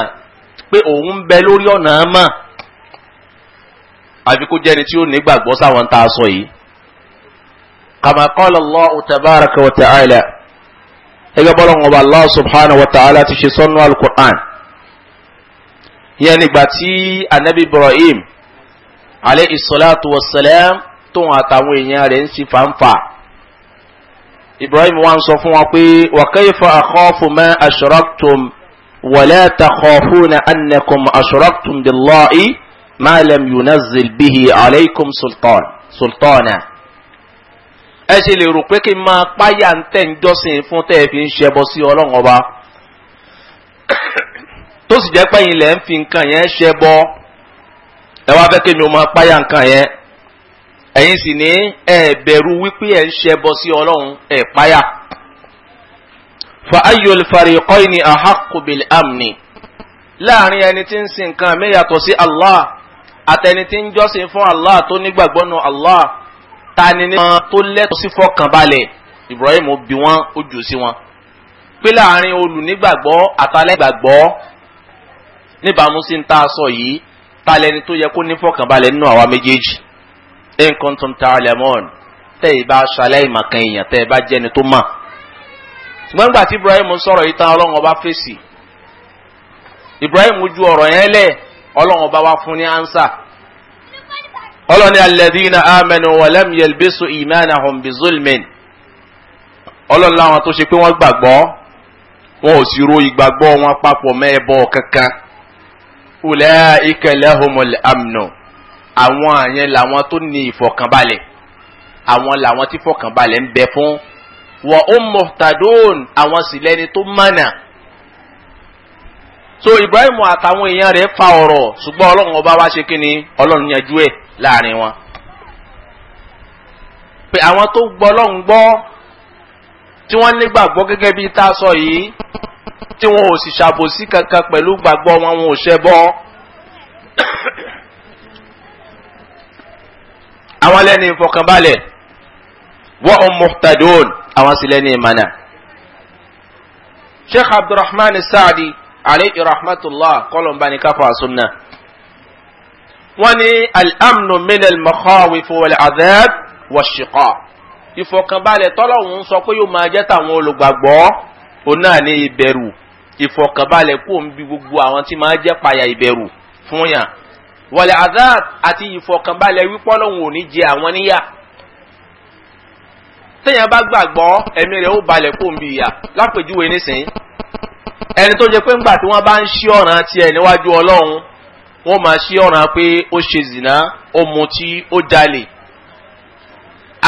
pé òun bẹ lórí ọ̀nà àmà àfi kó jẹ́ni tí ó nígbàgbọ́ sáwọn tá a sọ yìí. kama qala Allahu tabaraka wa ta'ala ẹgbẹ́ bọ́lá wọn bá Allah subhanahu wa ta'ala ti ṣe sọ́nù al yẹn nígbà tí anabi Ibrahim alayhi salatu wa salam tóun àtàwọn èèyàn rẹ̀ ń sì fàǹfà ibrahim wa ń sọ fún wọn pé wa kayfa akhafu ma ashraktum wa la takhafuna annakum ashraktum billahi ma lam yunazzil bihi alaykum sultan sultana. ẹ ṣe lè rò pé kí n máa páyà ń tẹ̀ ń jọ́sìn fún tẹ́ ẹ fi ń ṣẹbọ sí ọlọ́run ọba [COUGHS] tó sì jẹ́ pẹ́yìn lẹ́ ń fi nǹkan yẹn ṣẹbọ ẹ wá fẹ́ kí mi máa páyà nǹkan yẹn ẹ̀yin sì ní ẹ bẹ̀rù wípé ẹ̀ ń ṣẹbọ sí ọlọ́run ẹ̀ páyà. fa ayyul fariqayni ahaqqu bil amni láàrin ẹni tí ń sin nǹkan mẹ́yàtọ̀ sí Allah àtẹni tí ń jọ́sìn fún Allah tó nígbàgbọ́ nu Allah ta ni ní wọn tó lẹ́tọ̀ọ́ sí fọkànbalẹ̀ Ibrahim bí wọn ó jù sí wọn. pé láàrin olùnígbàgbọ́ àtàlẹ́gbàgbọ́ níbàámu sí ń tá a sọ yìí ta lẹni tó yẹ kó ní fọkànbalẹ̀ nínú àwa méjèèjì in kuntum ta'lamun tẹ́ ì bá ṣalẹ́ ìmọ̀kan èèyàn tẹ́ ì bá jẹ́ni tó mọ̀. ṣùgbọ́n nígbà tí Ibrahim sọ̀rọ̀ yìí tán ọlọ́run ọba fèsì Ibrahim ju ọ̀rọ̀ yẹn lẹ̀ ọlọ́run ọba wa fún ní ánsà. ọlọ́ni alladhina amanu wa lam yalbisu imanahum ọlọ́run láwọn tó ṣe pé wọ́n gbàgbọ́ wọn ò sì ro ìgbàgbọ́ wọn papọ̀ mẹ́ẹ̀bọ kankan. ulaika lahumul amnu àwọn àyẹn làwọn tó ní ìfọkànbalẹ̀ àwọn làwọn tí fọkànbalẹ̀ ń bẹ fún wa ummul tadun àwọn sì lẹni tó mànà so Ibrahim àtàwọn èèyàn rẹ̀ fa ọ̀rọ̀ ṣùgbọ́n Ọlọ́run ọba wa ṣe kíni Ọlọ́run yanjú ẹ̀ láàrin wọn pé àwọn tó gbọ́ Ọlọ́run gbọ́ tí wọ́n nígbàgbọ́ gẹ́gẹ́ bíi tá a sọ yìí tí wọn ò sì ṣàbòsí kankan pẹ̀lú gbàgbọ́ wọn wọn ò ṣẹbọ àwọn alẹ́ni ìfọkànbalẹ̀ wa hum muhtadun àwọn sì lẹ́ni ìmànà. sheikh abdulrahman saadi alayhi rahmatulah kọlọmbani kafa sunna wọ́n ní al'amnu min al-makhawif wal-adhab wash-shiqaq ìfọkànbalẹ̀ tọ́lọ́hún sọ pé yóò máa jẹ́ tàwọn olùgbàgbọ́ òun náà ní ìbẹ̀rù ìfọkànbalẹ̀ kó ń bi gbogbo àwọn tí máa jẹ́ payà ìbẹ̀rù fún yàn wọlé azad àti ìfọkànbalẹ̀ wípọ́ lọ́hùn òní jẹ àwọn níyà téèyàn bá gbàgbọ́ ẹ̀mí rẹ̀ ó balẹ̀ kó ń bi ìyà lápèjúwe nísìnyí ẹni tó jẹ pé ńgbà tí wọ́n bá ń ṣí ọ̀ràn tiẹ̀ níwájú ọlọ́run wọ́n máa ṣí ọ̀ràn pé ó ṣe zìnà ó mutí ó jalè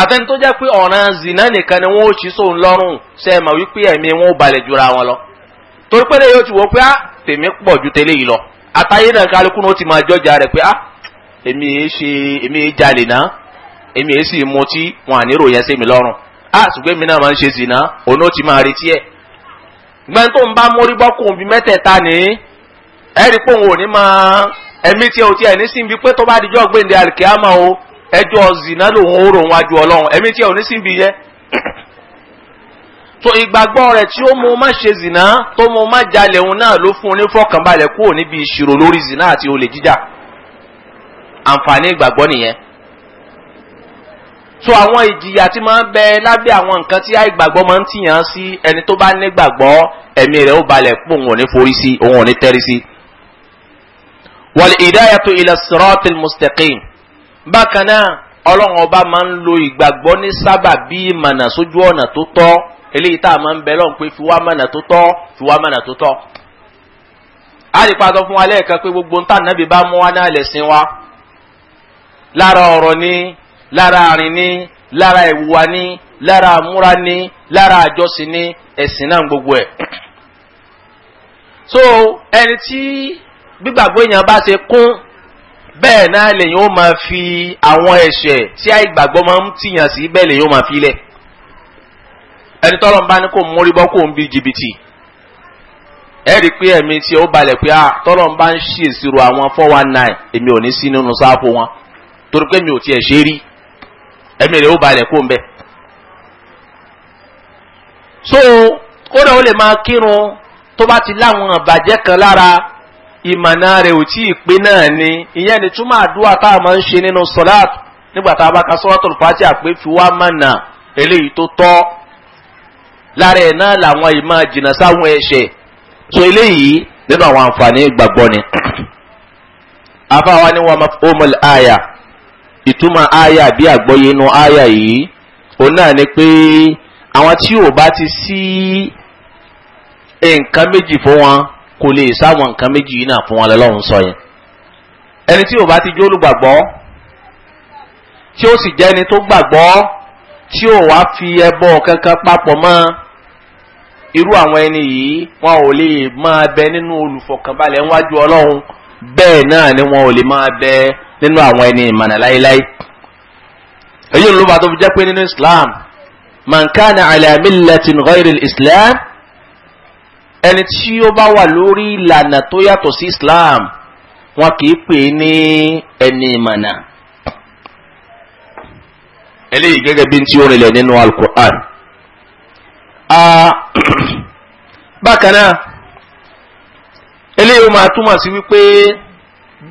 àtẹni tó jẹ́ pé ọ̀ràn zìnà nìkan ni wọ́n ó ṣí sóun lọ́rùn ṣe é mà wípé ẹ̀mí wọn ó balẹ̀ jura wọn lọ torí pé lẹ́yìn ó ti wọ pé á ah, tèmi pọ̀ ju tẹ́lẹ̀ yìí lọ àtàyè náà kálukú náà ó ti máa jọjà rẹ̀ pé a ah, èmi èé ṣe èmi èé jalè náà èmi èé sì tí wọn àníró yẹn sí mi lọrùn ah ṣùgbọ́n èmi náà máa ń ṣe zìnà òun ó ti máa retí ẹ̀ gbẹ́ni tó ń bá mórí mẹ́tẹ̀ẹ̀ta ní rí pé òun ò ní máa ẹ̀mí tí ẹ ò tí ẹ̀ ní síbi pé tó bá o ẹjọ́ zìnà lòun ní so ìgbàgbọ́ rẹ̀ tí ó mú má ṣe zìnà tó mú má jalè òun náà ló fún un ní kúrò níbi ìṣirò lórí zìnà àti olè jíjà àǹfààní ìgbàgbọ́ nìyẹn so àwọn ìjìyà tí máa ń bẹ lábẹ́ àwọn nǹkan tí àìgbàgbọ́ máa ń tìyàn sí ẹni tó bá nígbàgbọ́ ẹ̀mí rẹ̀ ó balẹ̀ pò òun ò ní forí sí òun ò ní tẹ́rí sí. wal hidayatu ila siratil mustaqim bákan náà ọlọ́run ọba máa ń lo ìgbàgbọ́ ní sábà bí ìmọ̀nà sójú ọ̀nà tó tọ́ eléyìí tá a máa ń bẹ lọ́n pé fi wá mọ̀nà tó tọ́ fi wá mọ̀nà tó tọ́. a lè pa sọ fún wa lẹ́ẹ̀kan pé gbogbo ń tà nábì bá mú wa náà lẹ̀sìn wa lára ọ̀rọ̀ ni lára àrìn ni lára ìwà ni lára àmúra ni lára àjọsìn ni ẹ̀sìn náà gbogbo ẹ̀. so ẹni tí gbígbàgbọ́ èèyàn bá ṣe kún bẹ́ẹ̀ náà lèyìn ó máa fi àwọn ẹ̀ṣẹ̀ tí àìgbàgbọ́ máa ń tìyàn sí bẹ́ẹ̀ lèyìn ó máa fi lẹ̀ ẹni tọ́lọ̀ ń bá ní kò mórí bọ́ kò ń bí jìbìtì ẹ i pé ẹ̀mí tí ó balẹ̀ pé tọ́lọ̀ ń bá ń ṣe ìṣirò àwọn four one nine èmi ò ní sí nínú sáàpù wọn torí pé mi ò tiẹ̀ ṣe rí ẹ̀mí rẹ̀ ó balẹ̀ kò ń bẹ̀. so kódà ó lè máa kírun tó bá ti láwọn àbàjẹ́ kan lára ìmọ̀nà rẹ̀ ò tí ì pé náà ni ìyẹn ni túmọ̀ àdúrà tá a máa ń ṣe nínú sọ́láàtù nígbà tá a bá ka sọ́wọ́tò lára ẹ̀ náà làwọn ìmọ̀ jìnnà sáwọn ẹ̀ṣẹ̀ so eléyìí nínú àwọn àǹfààní gbàgbọ́ ni. afáwa ni wọn ó mọ àyà ìtumọ̀ àyà bí àgbọ́yé inú àyà yìí òun náà ni pé àwọn tí ò bá ti sí nǹkan méjì fún wọn kò lè sáwọn nǹkan méjì yìí náà fún wọn lọ́lọ́run sọ yẹn ẹni tí ò bá ti jó olùgbàgbọ́ tí ó sì jẹ́ ẹni tó gbàgbọ́ tí ò wá fi ẹbọ kankan papọ̀ mọ́ irú àwọn ẹni yìí wọn ò lè máa bẹ nínú olùfọkànbalẹ̀ ńwájú ọlọ́run bẹ́ẹ̀ náà ni wọn ò lè máa bẹ nínú àwọn ẹni ìmọ̀nà láéláé. èyí ló bá tó fi jẹ́ pé nínú islam man kana ala millatin ghayril islam ẹni tí ó bá wà lórí ìlànà tó yàtọ̀ sí islam wọn kì pè é ní ẹni ìmọ̀nà. eléyìí gẹ́gẹ́ bí tí ó rìnlẹ̀ nínú al-Qur'an bákan náà eléyìí máa túmọ̀ sí wípé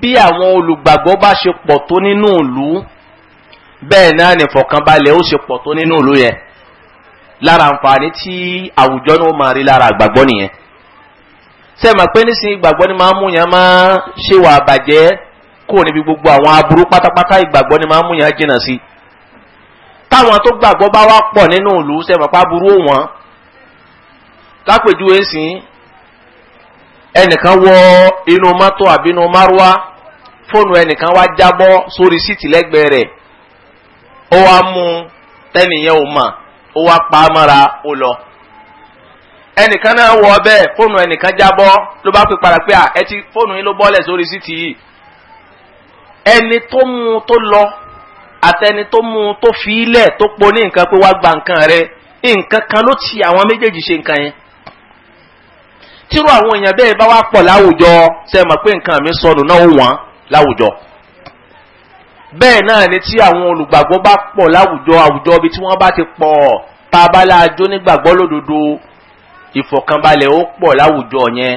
bí àwọn olùgbàgbọ́ bá ṣe pọ̀ tó nínú ìlú bẹ́ẹ̀ náà nìfọ̀kànbalẹ̀ ó ṣe pọ̀ tó nínú ìlú yẹn lára àǹfààní tí àwùjọ náà máa rí lára àgbàgbọ́ nìyẹn ṣe é mọ̀ pé nísìnyí ìgbàgbọ́ ni máa ń mú yẹn máa ṣèwà àbàjẹ́ kó níbi gbogbo àwọn aburú pátápátá ìgbàgbọ́ ni máa ń mú yẹn jìnnà sí táwọn tó gbàgbọ́ bá wá pọ̀ nínú ìlú ṣe é mọ̀ pé aburú ò lápèjúwe ń sìn ẹnìkan wọ inú mọ́tò àbí inú márúwá fóònù ẹnìkan wá jábọ́ sórí síìtì lẹ́gbẹ̀ẹ́ rẹ̀ ó wá mú tẹ́nìyẹn ò mà ó wá pa á mọ́ra ó lọ ẹnìkan náà wọ ọbẹ̀ fóònù ẹnìkan jábọ́ ló bá pè padà pé à ẹ fóònù yín ló bọ́lẹ̀ sórí síìtì yìí ẹni tó mú tó lọ àtẹni tó mú tó fi í lẹ̀ tó po ní nǹkan pé wá gba nǹkan rẹ̀ nǹkan kan ló ti àwọn méjèèjì ṣe nǹkan yẹn tírú àwọn èèyàn bẹ́ẹ̀ bá wá pọ̀ láwùjọ ṣe mọ̀ pé nǹkan mi sọnù náà ó wọ́n láwùjọ bẹ́ẹ̀ náà ni tí àwọn olùgbàgbọ́ bá pọ̀ láwùjọ àwùjọ ibi tí wọ́n bá ti pọ̀ tá a bá láàjọ nígbàgbọ́ lódodo ìfọ̀kànbalẹ̀ ó pọ̀ láwùjọ yẹn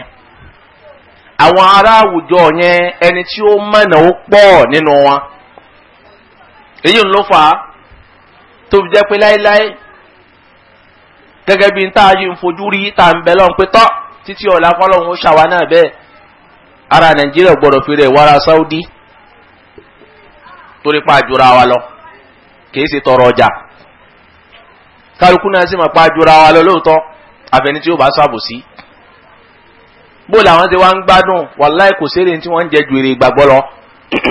àwọn ará àwùjọ yẹn ẹni tí ó mọ̀nà ó pọ̀ nínú wọn èyí ń lọ fà á tó fi jẹ́ pé láéláé gẹ́gẹ́ bí n tá a yí ń fojú rí tá a ń bẹ lọ́n pé tọ́ títí ọ̀la kọ́lọ́hún ó ṣàwa náà bẹ́ẹ̀ ara nàìjíríà gbọ́dọ̀ fi rẹ̀ wára sáúdí torí pa àjùra wa lọ kìí ṣe tọrọ ọjà kálukú náà sì máa pa àjùra wa lọ lóòótọ́ àfẹni tí ó bá sábò sí bó làwọn ti wá ń gbádùn wàláì kò séré tí wọ́n ń jẹ ju èrè ìgbàgbọ́ lọ [CLEARS THROAT]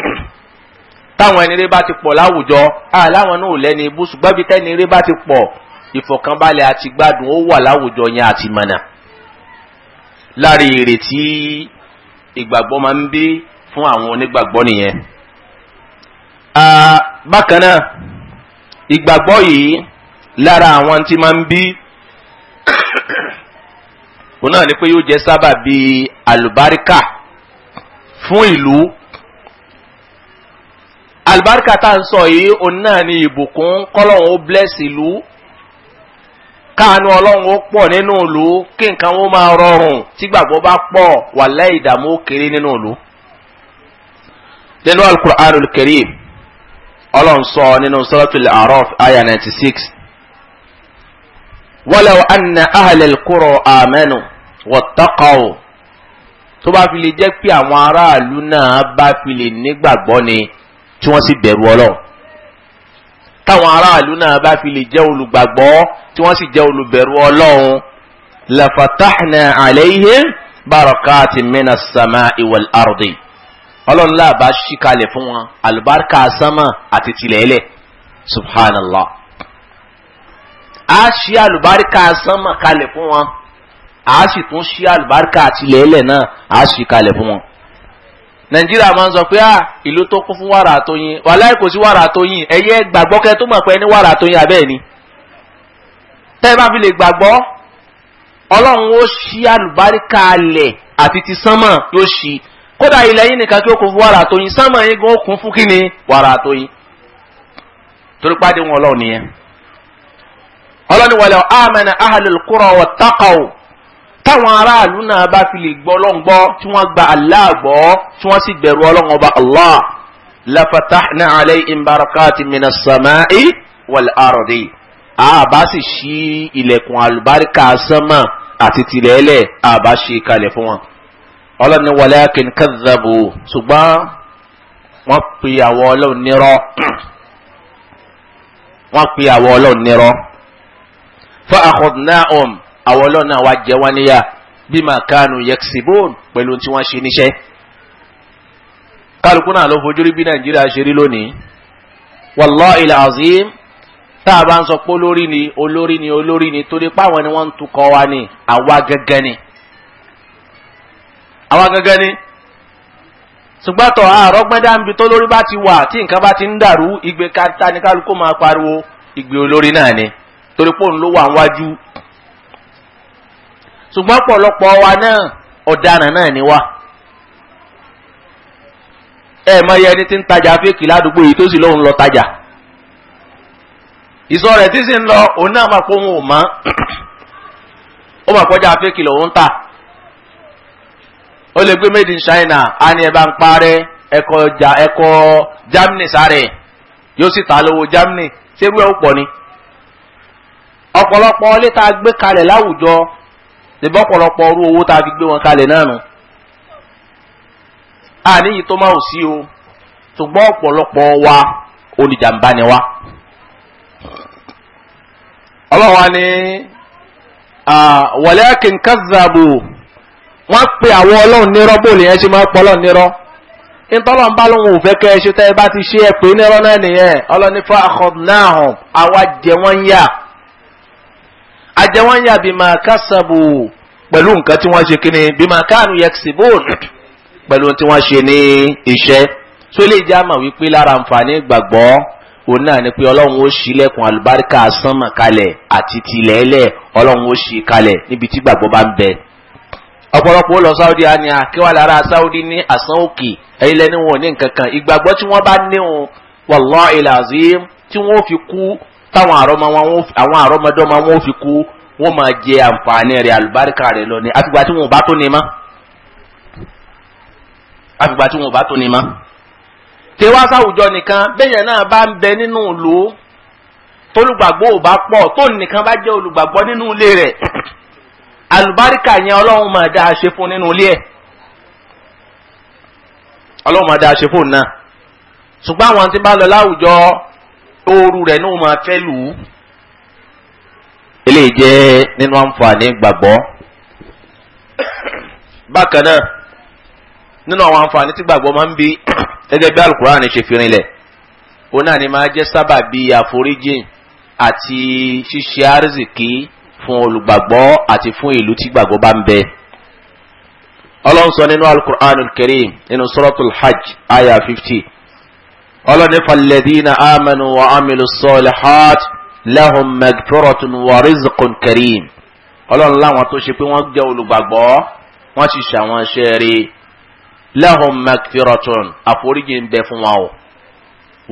táwọn ẹniré bá ti pọ̀ láwùjọ aláwọn náà ò lẹ́ni ibú ṣùgbọ́n bí tẹ́niré bá ti pọ̀ ìfọ̀kànbalẹ̀ àti gbádùn ó wà láwùjọ yẹn àti mọ̀nà lára èrè tí ìgbàgbọ́ máa ń bí fún àwọn onígbàgbọ́ nìyẹn. bákan náà ìgbàgbọ́ yìí lára àwọn tí máa ń bí òun náà ni pé yóò jẹ́ sábà bíi àlùbáríkà fún ìlú àlùbáríkà tá à ń sọ yìí òun náà ni ìbùkún kọ́lọ́hún ó bless ìlú káànú ọlọ́run ó pọ̀ nínú ìlú kí nǹkan ó máa rọrùn tí gbàgbọ́ bá pọ̀ wà lẹ́yìn ìdààmú kéré nínú ìlú. nínú alukur'anul karim ọlọ́run sọ nínú suratul a'raf aya ninety six. walaw anna ahlal qura amanu wattaqaw tó bá fi lè jẹ́ pé àwọn aráàlú náà bá fi lè nígbàgbọ́ ni tí wọ́n sì bẹ̀rù ọlọ́run táwọn aráàlú náà bá fi lè jẹ́ olùgbàgbọ́ tí wọ́n sì jẹ́ olùbẹ̀rù ọlọ́run lafatahna alayhim barakati mina sama iwal ardi ọlọ́run náà bá ṣí kalẹ̀ fún wọn alibarika sama àti tilẹ̀lẹ̀ subhanallah a ṣí alibarika sama kalẹ̀ fún wọn a sì tún ṣí alibarika tilẹ̀lẹ̀ náà a ṣí kalẹ̀ fún wọn nàìjíríà máa ń sọ pé ah, ìlú tó kún fún wàrà àtọyìn wàláì kò sí wàrà àtọyìn ẹyẹ gbàgbọ́ kẹ tó mọ̀ pé ní wàrà àtọyìn abẹ́ ni tẹ́ ẹ bá fi lè gbàgbọ́ ọlọ́run ó ṣí àlùbáríkà alẹ̀ àti ti sánmọ̀ yóò ṣí kódà ilẹ̀ yìí nìkan kí ó kún fún wàrà àtọyìn sánmọ̀ yìí gan ó kún fún kíni wàrà àtọyìn torí pàdé wọn ọlọ́run nìyẹn ọlọ́run wàlẹ̀ àmàna táwọn aráàlú náà bá fi lè gbọ́ ọlọ́run gbọ́ tí wọ́n gba Allah gbọ́ tí wọ́n sì bẹ̀rù ọlọ́run ọba Allah lafatahna alayhim barakati minas samai wal ardi àbá sì ṣí ilẹ̀kùn àlùbáríkà sánmà àti tìlẹ́lẹ̀ àbá ṣe kalẹ̀ fún wọn. ọlọ́run ní walakin kadhabu ṣùgbọ́n wọ́n pe àwọn ọlọ́run nírọ́ wọ́n pe àwọn ọlọ́run nírọ́ fa akhadnahum àwọn ọlọ́run náà wá jẹ wá níyà bí màkánù yẹksibon pẹ̀lú tí wọ́n ṣe níṣẹ́. kálukú náà ló fojú rí bí nàìjíríà ṣe rí lónìí. wallahi alazim tá a bá ń sọ pé olórí ni olórí ni olórí ni torí páwọn ni wọ́n ń tukọ̀ wa ni àwa gẹ́gẹ́ ni. àwa gẹ́gẹ́ ni. ṣùgbọ́n tọ̀ àrọ́gbẹ́dá ń bi tó lórí bá ti wà tí nǹkan bá ti ń dàrú ìgbé kata ni kálukú máa pariwo ìgbé olórí náà ni torí pé òun ló wà wájú ṣùgbọ́n ọ̀pọ̀lọpọ̀ wa náà ọ̀daràn náà ni wá. ẹ mọ iye ẹni tí ń tajà fèkì ládùúgbò yìí tó sì lóun lọ tajà. ìsọ rẹ̀ tí sì ń lọ òun náà máa kó òun ò mọ́ ó máa kọjá fèkì lòun tà. ó lè gbé made in China á ní ẹ bá ń parẹ́ ẹ̀kọ́ Germany sáré yóò sì ta lówó Germany ṣé wíwẹ́ pọ̀ ni. ọ̀pọ̀lọpọ̀ lẹ́tà gbé kalẹ̀ láwùjọ ṣèbí ọ̀pọ̀lọpọ̀ ọrú owó tá a fi gbé wọn kalẹ̀ náà nù. àníyí tó máa ò sí o ṣùgbọ́n ọ̀pọ̀lọpọ̀ wa olùjàmbá ni wa. ọlọ́wà ni walakin kazzabu wọ́n pe àwọn ọlọ́run nírọ́ bó lè yẹn ṣe máa ń pọ́ nírọ́ ntọ́lọ̀ ń bá lóhun òfẹ́ kẹ́ ẹ ṣe tẹ́ ẹ bá ti ṣe ẹ pé nírọ́ náà nìyẹn ọlọ́ni fún àkọ́dúnáhùn àwa jẹ wọ́n yà ajẹ́wọ́n yà bí máa kásábù pẹ̀lú nǹkan tí wọ́n ṣe kí ni bí máa káànù yaksibun pẹ̀lú tí wọ́n ṣe ní iṣẹ́ tó lè já mà wípé lára àǹfààní gbàgbọ́ òun náà ni pé ọlọ́run ó ṣí lẹ́kùn àlùbáríkà sánmà kalẹ̀ àti tìlẹ́lẹ̀ ọlọ́run ó ṣí kalẹ̀ níbi tí gbàgbọ́ bá ń bẹ ọ̀pọ̀lọpọ̀ ó lọ Saudi ania kí wọ́n lára Saudi ní àsán òkè ẹ̀yìn lẹ́ni wọn ò ní nǹkan kan ìgbàgbọ́ tí wọ́n bá níhun wallahi lazim tí wọ́n fi kú táwọn àrọ́mọdọ́mọ wọn ò fi kú wọn máa jẹ àǹfààní rẹ̀ àlùbáríkà rẹ̀ lọ ni àfìgbà tí wọn ò bá tó ní ma àfìgbà tí wọn ò bá tó ní ma tiwa sáwùjọ nìkan bẹ́yẹn náà bá ń bẹ nínú ìlú tólùgbàgbọ́ ò bá pọ̀ tó nìkan bá jẹ́ olùgbàgbọ́ nínú ilé rẹ̀ àlùbáríkà yẹn ọlọ́run máa dáa ṣe fún nínú ilé ẹ̀ ọlọ́run máa dáa ṣe fún náà ṣùgbọ́n àwọn tí bá lọ láwùjọ ooru rẹ̀ ní o máa fẹ́ lù ú. eléyìí jẹ́ nínú àǹfààní gbàgbọ́. bákan náà nínú àwọn àǹfààní tí gbàgbọ́ máa ń bí [COUGHS] gẹ́gẹ́ bí alukur'an ṣe fi rinlẹ̀ òun náà ni máa jẹ́ sábàbí àforíjìn àti ṣíṣe àrísìkí fún olùgbàgbọ́ àti fún ìlú tí gbàgbọ́ bá ń bẹ. ọlọ́run sọ nínú alukur'an kẹrim nínú suratul hajj ayah fifty ọlọ́ni falẹ̀dínà amẹnu wa amẹlu salihat lahum magfiratun wa rizqun karim ọlọ́run láwọn tó ṣe pé wọ́n jẹ́ olùgbàgbọ́ wọ́n ti ṣàwọn iṣẹ́ rí lahum magfiratun àforíjì ń bẹ fún wa o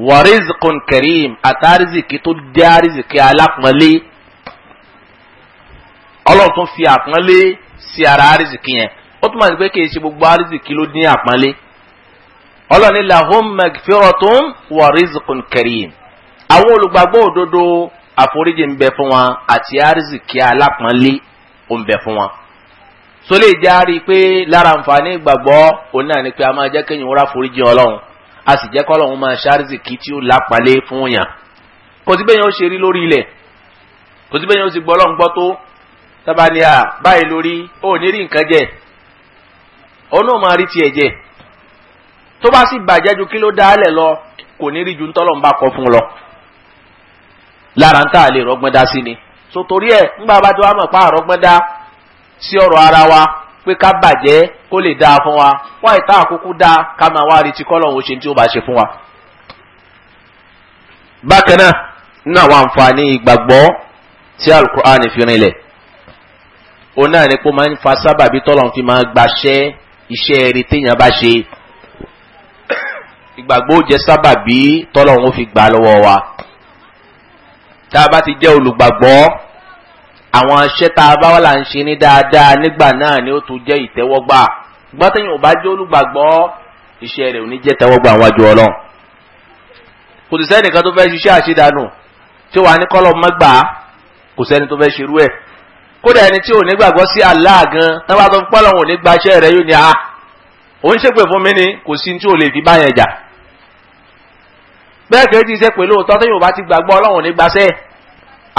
wa rizqun karim àtàrísìkì tó dé àrísìkì alápọ̀nlé ọlọ́run tó fi àpọ́nlé sí ara àrísìkì yẹn ó túmọ̀ sí pé kì í ṣe gbogbo àrísìkì ló ní àpọ́nlé ọlọ́ni lahum magfiratun wa rizqun karim àwọn olùgbàgbọ́ òdodo àforíjì ń bẹ fún wọn àti àrísìkí alápọ̀nlé ó ń bẹ fún wọn. so lè járe pé lára nǹfààní ìgbàgbọ́ òun náà ni pé a máa jẹ́ kéèyàn wúrà foríjì ọlọ́run a sì jẹ́ kọ́lọ́run máa ṣàrísìkí tí ó lápàlé fún yàn. kò sí bẹ́yẹn ó ṣe rí lórí ilẹ̀ kò sí bẹ́yẹn ó sì gbọ́ ọlọ́run gbọ́ tó tó bá sì bàjẹ́ ju kí ló dálẹ̀ lọ kò ní rí ju ntọ́lọ́ ń bá kọ fún lọ lára ń lè rọgbọ́n sí ni so torí ńgbà bá mọ̀ pa àrọ́gbọ́n dá sí ọ̀rọ̀ ara wa pé ká bàjẹ́ kó lè dáa fún wa wá ìta àkókò dáa ká máa wá retí ṣe tí ó bá ṣe wa. bákan náà nínú àwọn àǹfààní ìgbàgbọ́ tí alukur'an fi rinlẹ̀ òun náà ni pé ó máa ń fa sábàbí fi máa ìgbàgbọ́ jẹ́ sábàbí tọ́lọ́run ó fi gbà lọ́wọ́ wa tá a bá ti jẹ́ olùgbàgbọ́ àwọn iṣẹ́ tá a bá wà là ń ṣe ní dáadáa nígbà náà ni ó tún jẹ́ ìtẹ́wọ́gbà gbọ́tẹ̀yìn ò bá jẹ́ olùgbàgbọ́ iṣẹ́ rẹ̀ ò ní jẹ́ tẹ́wọ́gbà wájú ọlọ́run kò sì sẹ́ni kan tó fẹ́ ṣiṣẹ́ àṣedànù tí wàá ní kọ́lọ̀ mọ́gbà kò sẹ́ni tó fẹ́ ṣerú ẹ̀ kódà ẹni tí ò ní gbàgbọ́ sí aláàgan tó bá tó ń ò ní gbaṣẹ́ rẹ̀ yóò ní a ah, òun ṣépè fún mi ni kò sí tí o lè fi bá yẹn jà bẹ́ẹ̀ kì í ti ṣe pé lóòótọ́ tó yóò bá ti gbàgbọ́ ọlọ́run nígbà sẹ́ẹ̀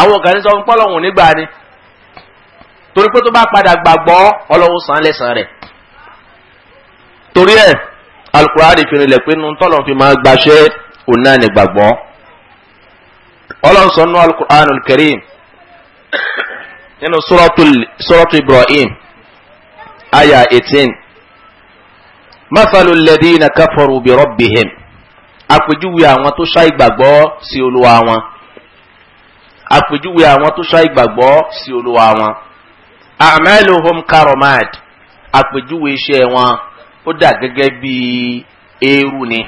àwọn kan ní sọ fún pọ́lọ́run nígbà ni torí pé tó bá padà gbàgbọ́ ọlọ́run sàn lẹ́sàn rẹ̀ torí ẹ̀ alukurani fi rinlẹ̀ pé nu tọ́lọ̀ fi máa gbaṣẹ́ òun náà ní gbàgbọ́ ọlọ́run sọ nú alukurani karim nínú sọ́rọ́tù Ibrahim aya eighteen masalu ladina kafaru bi rabbihim àpèjúwe àwọn tó ṣá ìgbàgbọ́ sí olúwa wọn àpèjúwe àwọn tó ṣá ìgbàgbọ́ sí olúwa wọn a'maluhum karomad àpèjúwe iṣẹ́ wọn ó dà gẹ́gẹ́ bí eérú ni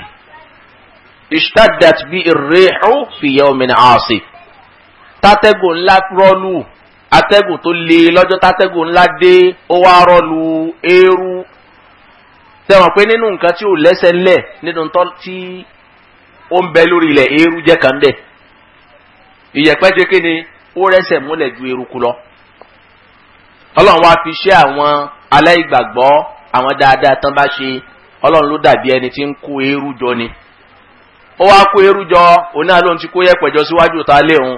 ishtaddat bi irrihu fi yawmin asif tátẹ́gùn ńlá rọ́lù atẹ́gùn tó le lọ́jọ́ tátẹ́gùn ńlá dé ó wá rọ́lù eérú sẹ́wọ̀n pé nínú nǹkan tí ò lẹ́sẹ̀ ńlẹ̀ nínú tọ́ tí ó ń bẹ lórí ilẹ̀ eérú jẹ́ kàn bẹ̀ ìyẹ̀pẹ̀ jẹ́ kí ni ó rẹ́sẹ̀ múlẹ̀ ju eruku lọ ọlọ́run wá fi ṣe àwọn aláìgbàgbọ́ àwọn dáadáa tán bá ṣe ọlọ́run ló dàbí ẹni tí ń kó eérú jọ ni ó wá kó eérú jọ òun náà lóun ti kó yẹ̀pẹ̀ jọ síwájú ta léhun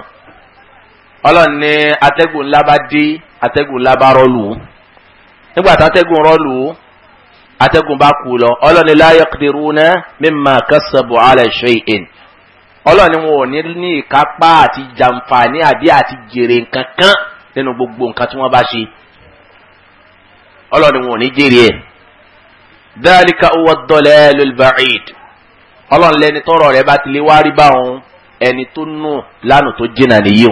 ọlọ́run ní atẹ́gùn ńlá bá dé atẹ́gùn ńlá bá rọ́ọ̀lù nígbà tá atẹ́gùn rọ́ọ̀lù atẹ́gùn bá kú lọ ọlọ́ni láyé kìdìrú náà mímọ kẹsàbù alẹ́ ṣe in ọlọ́ni wọn ò ní ní ìkápá àti jàǹfààní àbí àti jèrè nǹkan kan nínú gbogbo nǹkan tí wọ́n bá ṣe ọlọ́ni wọn ò ní jèrè ẹ̀ dáríkà owó dọ́lẹ̀ lulbaid ọlọ́ni lẹni tọrọ rẹ bá tilẹ̀ wá rí báwọn ẹni tó nù lánàá tó jìnnà nìyí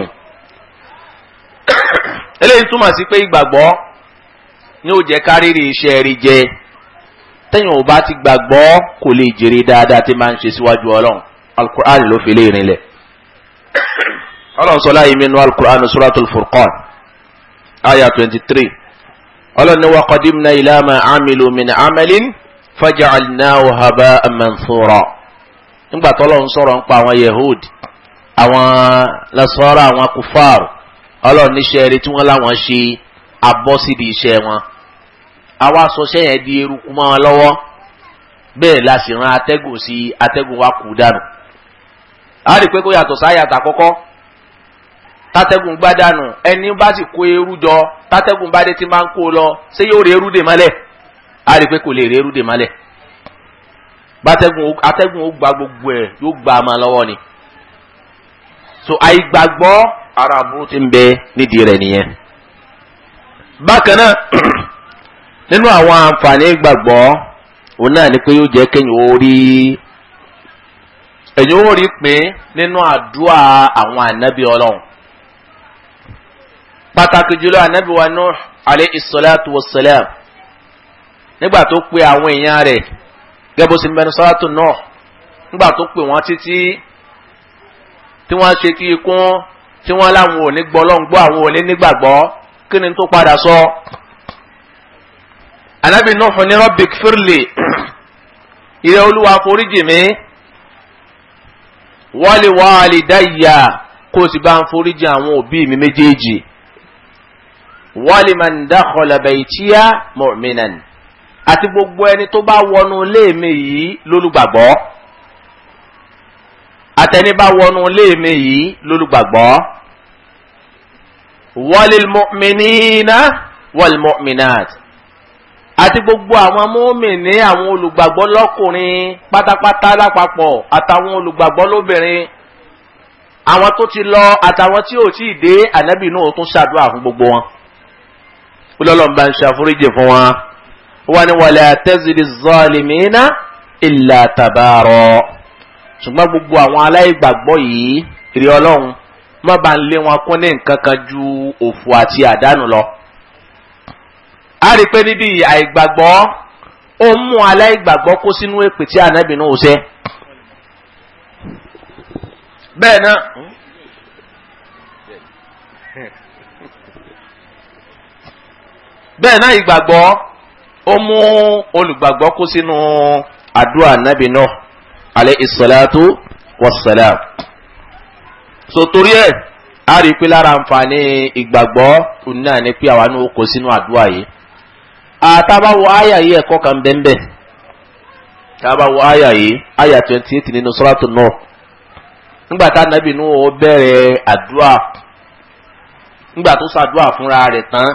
[COUGHS] eléyìí túmọ̀ sí pé ìgbàgbọ́ ni ó jẹ́ kárírì iṣẹ́ rí jẹ́ tẹ́yìn ò bá ti gbàgbọ́ kò lè jèrè dáadáa tí máa ń ṣe síwájú ọlọ́run alukur'an ló fi léèrè lẹ̀. ọlọ́run sọ láyé mi nu alukur'an suratul furqan aya twenty three ọlọ́run ni wa qadimna ila ma amilu min amalin faja'alnahu haba'an manthura. nígbà tó lọ́run sọ̀rọ̀ ń pa àwọn yehud àwọn lasọ́ra àwọn kufar ọlọ́run níṣẹ́ eré tí wọ́n láwọn ṣe abọ́sídìí iṣẹ́ wọn. àwa sọṣẹ́ yẹn di eruku mọ wọn lọ́wọ́ bẹ́ẹ̀ la sì ran atẹ́gùn sí atẹ́gùn wa kú dànù. a rí sayata pé kó yàtọ̀ sáyà tà tátẹ́gùn gbá dànù ẹni bá sì kó eru jọ tátẹ́gùn bá dé ti máa ń kó lọ ṣé yóò rí eru dè mọ́lẹ̀ a rí pé kò lè rí eru dè mọ́lẹ̀ atẹ́gùn ó gba gbogbo ẹ̀ yóò gba ama lọ́wọ́ ni. so àìgbàgbọ́ ara burú ti ń bẹ nídìí rẹ̀ nìyẹn. bákan náà [CLEARS THROAT] nínú àwọn àǹfààní gbàgbọ́ òun náà ni pé yóò jẹ́ kéyìn orí ẹ̀yìn orí pé nínú àdúrà àwọn ànábì ọlọ́run pàtàkì jùlọ ànábì wa Nuh alayhi salatu wassalam nígbà tó pe àwọn èèyàn rẹ̀ gẹ́gẹ́ bó ṣe mẹ́nu sọ́wọ́tò náà nígbà tó pè wọ́n títí tí wọ́n ṣe kí ikún tí wọ́n láwọn ò ní gbọ́ lọ́n gbọ́ àwọn ò ní nígbàgbọ́ kí ni tó padà sọ. So alábì Nuhu ní rabbik firli ìrẹ́ olúwa foríjì mi wali walidayya kó o sì bá ń foríjì àwọn òbí mi méjèèjì wali man dakhala baytiya mu'minan àti gbogbo ẹni tó bá wọnú ilé yìí lólùgbàgbọ́ àtẹni bá wọnú ilé yìí lólùgbàgbọ́ walil mu'minina wal mu'minat àti gbogbo àwọn mùmínì àwọn olùgbàgbọ́ lọ́kùnrin pátápátá lápapọ̀ àtàwọn olùgbàgbọ́ lóbìnrin àwọn tó ti lọ àtàwọn tí ò tí ì dé ànábì náà tún ṣàdúrà fún gbogbo wọn. Ọlọ́run bá ń ṣe fún wọn wọ́n ní wala tazidi zalimina illa tabaro. ṣùgbọ́n gbogbo àwọn aláìgbàgbọ́ yìí rí ọlọ́run má bá ń lé wọn kún ní nǹkan kan ju òfò àti àdánù lọ a rí pé níbi àìgbàgbọ́ ó mú aláìgbàgbọ́ kó sínú èpè tí ànábì náà ṣe. bẹ́ẹ̀ náà bẹ́ẹ̀ náà ìgbàgbọ́ ó mú olùgbàgbọ́ kó sínú àdúrà ànábì náà alayhi salatu wassalam. so torí ẹ̀ a rí pé lára àǹfààní ìgbàgbọ́ òun náà ni pé àwa ní ó kó sínú àdúrà yìí. àtàbà ah, wo àyà yìí ẹ̀kọ́ kan bẹ́ẹ̀ tàbà wo àyà yìí àyà twenty eight nínú sọ́ràtù náà nígbà tá nàbì nù ó bẹ̀rẹ̀ àdúrà nígbà tó sàdúrà fúnra rẹ̀ tán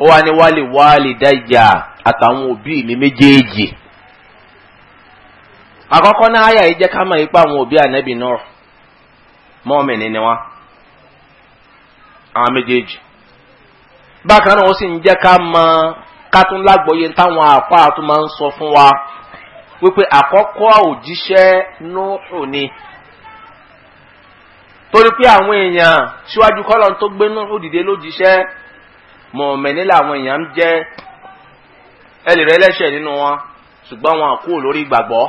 ó wá ní wálé wálé dájà àtàwọn òbí mi méjèèjì àkọ́kọ́ náà àyà yìí jẹ́ ká mọ̀ ipa àwọn òbí ànábì náà mọ́ọ̀mì ni wọ́n àwọn méjèèjì. bákan náà ó sì ń jẹ́ ká mọ ká tún táwọn àpá tó máa ń sọ fún wa wípé àkọ́kọ́ òjíṣẹ́ Nuhu ni torí pé àwọn èèyàn síwájú kọ́lọ́n tó gbé Nuhu dìde lójíṣẹ́ mọ̀ọ́mẹ́ni làwọn èèyàn ń jẹ́ ẹlẹ́ rẹ lẹ́sẹ̀ nínú wọn ṣùgbọ́n wọn kúrò lórí ìgbàgbọ́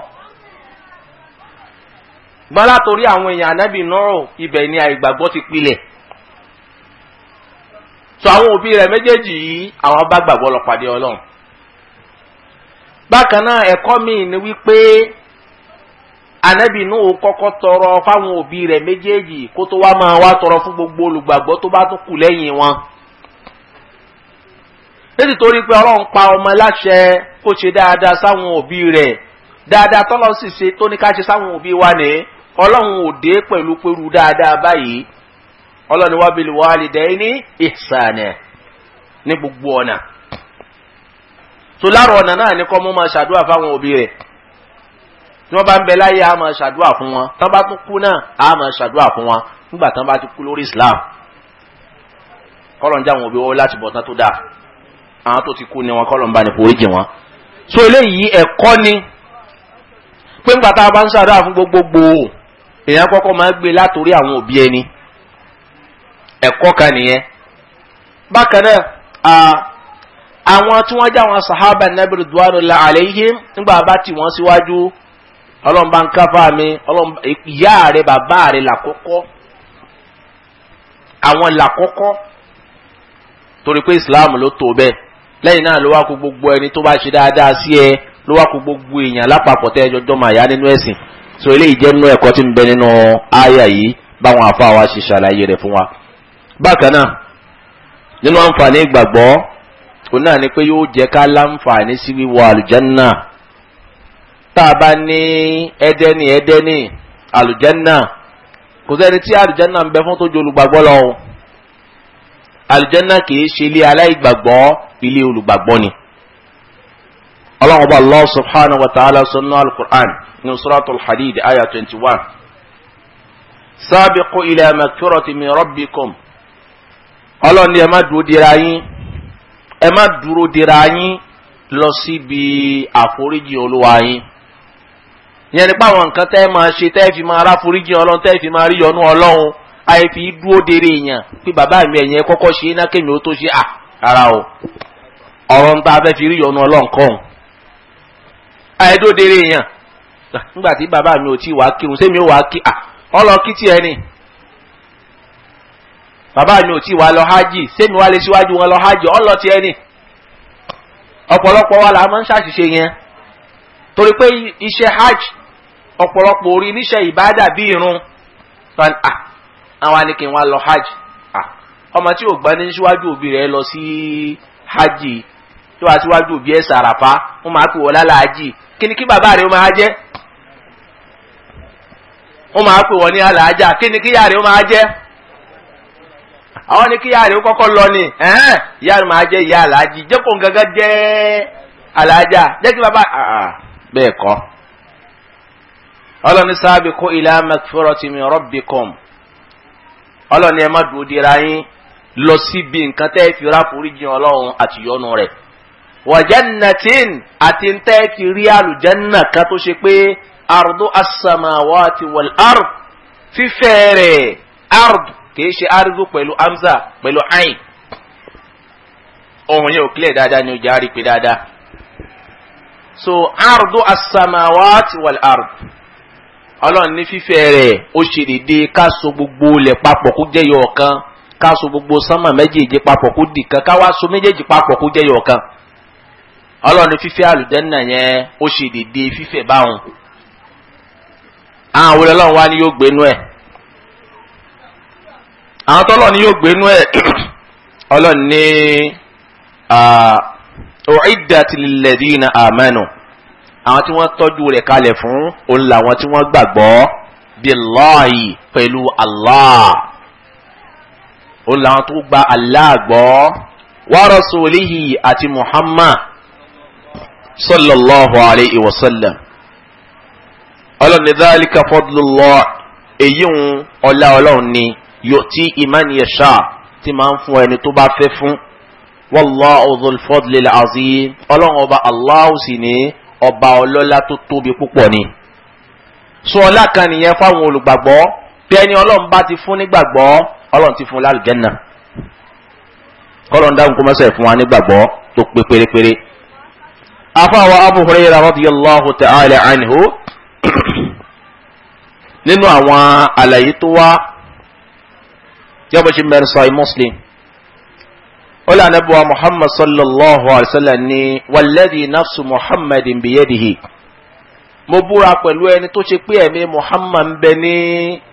gbọ́n látòrí àwọn èèyàn ànábì Nuhu ibẹ̀ ni àìgbàgbọ́ ti pilẹ̀ tó àwọn òbí rẹ̀ méjèèjì yìí àwọn bá gbàgbọ́ lọ pàdé ọlọ́run bákan náà ẹ̀kọ́ míì ni wípé anabi nuhu kọ́kọ́ tọrọ fáwọn òbí rẹ̀ méjèèjì kó tó wá máa wá tọrọ fún gbogbo olùgbàgbọ́ tó bá tún kù lẹ́yìn wọn nítorí torí pé ọlọ́run pa ọmọ láṣẹ kó ṣe dáadáa sáwọn òbí rẹ̀ dáadáa tọ́lọ́ sì ṣe tó ní ká ṣe sáwọn òbí wa ní ọlọ́run ò dé pẹ̀lú pẹ̀lú dáadáa báyìí ọlọ́ni wá bíi wàlìdẹ́ ní ìsànẹ̀ ní gbogbo ọ̀nà tó láàrọ̀ ọ̀nà náà ní kọ́ mú máa ṣàdúrà fáwọn òbí rẹ̀ tí wọ́n bá ń bẹ láyé a máa ṣàdúrà fún wọn tí wọ́n bá tún kú náà a máa ṣàdúrà fún wọn nígbà tí wọ́n bá ti kú lórí Islam kọ́lọ̀njá àwọn òbí wọn láti bọ̀ tán tó dáa àwọn tó ti kú ni wọn kọ́lọ̀nba ní foríjì wọn so eléyìí ẹ̀kọ́ ni pé ńgbà tá a bá ń ṣàdúrà fún gbogbogbò èèyàn kọ́kọ́ máa ń gbé látòrí àwọn òbí ẹni ẹ̀kọ́ kan nìyẹn bákan náà àwọn tí wọ́n já wọn sahaba nabi ridwanullahi alaihim nígbà bá tì wọ́n síwájú ọlọ́mba ń káfá mi ìyá rẹ̀ bàbá rẹ̀ làkọ́kọ́ àwọn làkọ́kọ́ torí pé islam ló tó bẹ́ẹ̀ lẹ́yìn náà ló wá kó gbogbo ẹni tó bá ṣe dáadáa sí ẹ ló wá kó gbogbo èèyàn lápapọ̀ tẹ́ ẹjọ́jọ́ máa yá nínú ẹ̀sìn so eléyìí jẹ́ nínú ẹ̀kọ́ tí ń bẹ nínú àyà yìí báwọn àfa wa ṣe ṣàlàyé rẹ̀ fún wa bákan náà nínú àǹfààní ìgbàgbọ́ òun náà ni pé yóò jẹ́ ká láǹfààní sí wíwọ àlùjánná tá a bá ní ẹdẹ́nì ẹdẹ́nì àlùjánná kò sẹ́ni tí àlùjánná ń bẹ fún tó ju olùgbàgbọ́ lọ o àlùjánná kìí ṣe ilé aláìgbàgbọ́ ilé olùgbàgbọ́ ni ọlọ́run ọba allah subhanahu wa ta'ala sọ́nà alukur'an ní suratul hadid ayah twenty one sábìkú ilẹ̀ mẹ́kúrọ̀tì mi rọ́bìkùn ọlọ́ni ẹ má dúró dira yín ẹ má dúró dira yín lọ síbi àforíjì olúwa yín yẹn nípa àwọn nǹkan tẹ́ ẹ máa ṣe tẹ́ ẹ fi máa rá foríjì ọlọ́run tẹ́ ẹ fi máa rí yọnú ọlọ́run àyè fi dúró dèrè èèyàn pé bàbá mi ẹ̀yẹn kọ́kọ́ ṣe é nákèmí ó tó ṣe à rárá o ọ̀rọ̀ ń tá a fẹ́ fi rí yọnú ọlọ́run kọ́hún àyè dúró dèrè èèyàn nígbà tí bàbá mi ò tí wàá kírun sẹ́mi ó wàá kí à ọlọ́ọ̀ tiẹ̀ ni. bàbá mi ò tí wàá lọ hajj sẹ́mi wàá lè síwájú wọn lọ hajj ọ̀ lọ ni ọ̀pọ̀lọpọ̀ wa la máa ń ṣàṣìṣe yẹn torí pé iṣẹ́ hajj ọ̀pọ̀lọpọ̀ orí níṣẹ́ ìbádà bí irun tán à àwọn anìkìn wa lọ hajj A ọmọ tí ò gbá ní síwájú òbí lọ sí hajj tí wàá síwájú òbí wọn máa hajj kí bàbá máa jẹ́ wọn máa ní kí yàrá máa jẹ́ àwọn ni kí ìyá rẹ̀ kọ́kọ́ lọ ni ìyá rẹ̀ máa jẹ́ ìyá aláàjì jẹ́ kó gángan jẹ́ aláàjà jẹ́ kí bàbá bẹ́ẹ̀ kọ́. ọlọ́ni sábì kó ilá magfirati min rabbikum ọlọ́ni ẹ má dúró dira yín lọ síbi nǹkan tẹ́ ẹ fi ráforíjì ọlọ́run àtìyọ́nù rẹ̀ wàjánnàtín àti ntẹ́ẹ̀kì rí àlùjánnà kan tó ṣe pé ardu as-samawati wal ard fífẹ́ rẹ̀ ard kìí ṣe arúgbó pẹ̀lú amza pẹ̀lú ain ohun yẹn ò clear dáadáa ni ó jẹ́ pé dáadáa so ardu as-samawat wal ard ọlọ́run ní fífẹ́ rẹ̀ ó ṣe dédé ká so gbogbo lẹ̀ papọ̀ kó jẹ́ yọ ọ̀kan ká gbogbo sánmà méjèèjì papọ̀ kó dì kan ká wá so méjèèjì papọ̀ kó jẹ́ yọ ọ̀kan ọlọ́run ní fífẹ́ àlùjànnà yẹn ó ṣe dédé fífẹ́ báwọn àwọn olùlọ́run wá ní yóò gbénú ẹ̀. àwọn tọ́lọ̀ ni yóò gbénú ẹ̀ [CLEARS THROAT] ọlọ́run ní u'iddat lilladhina amanu àwọn tí wọ́n tọ́jú rẹ̀ kalẹ̀ fún òun làwọn tí wọ́n gbàgbọ́ billahi pẹ̀lú Allah òun làwọn tó gba Allah gbọ́ wa rasulihi àti Muhammad sallallahu alayhi wa sallam ọlọ́run ní dhalika fadlullah èyí ń ọlá ọlọ́run ni yòtí ìmánìyẹsà tí máa ń fún ẹni tó bá fẹ́ fún wallahu dhul fadlil azim ọlọ́run ọba Allah sì ní ọba ọlọ́lá tó tóbi púpọ̀ ni. sọ ọlá kan nìyẹn fáwọn olùgbàgbọ́ bí ẹni ọlọ́run bá ti fún nígbàgbọ́ ọlọ́run ti fún lálùjẹ́nà kọ́lọ́n dáhùn kó fún wa nígbàgbọ́ tó pé pérépéré. afáwa Abu Hurairah radiyallahu ta'ala anhu [COUGHS] nínú àwọn àlàyé tó wá yọ́bọ̀ ṣe mẹ́rin sọ muslim ó lànà bí wa muhammad sallallahu alayhi wa sallam ní wàlẹ́dì nafsu muhammad biyadihi mo búra pẹ̀lú ẹni tó ṣe pé ẹ̀mí muhammad ń bẹ ní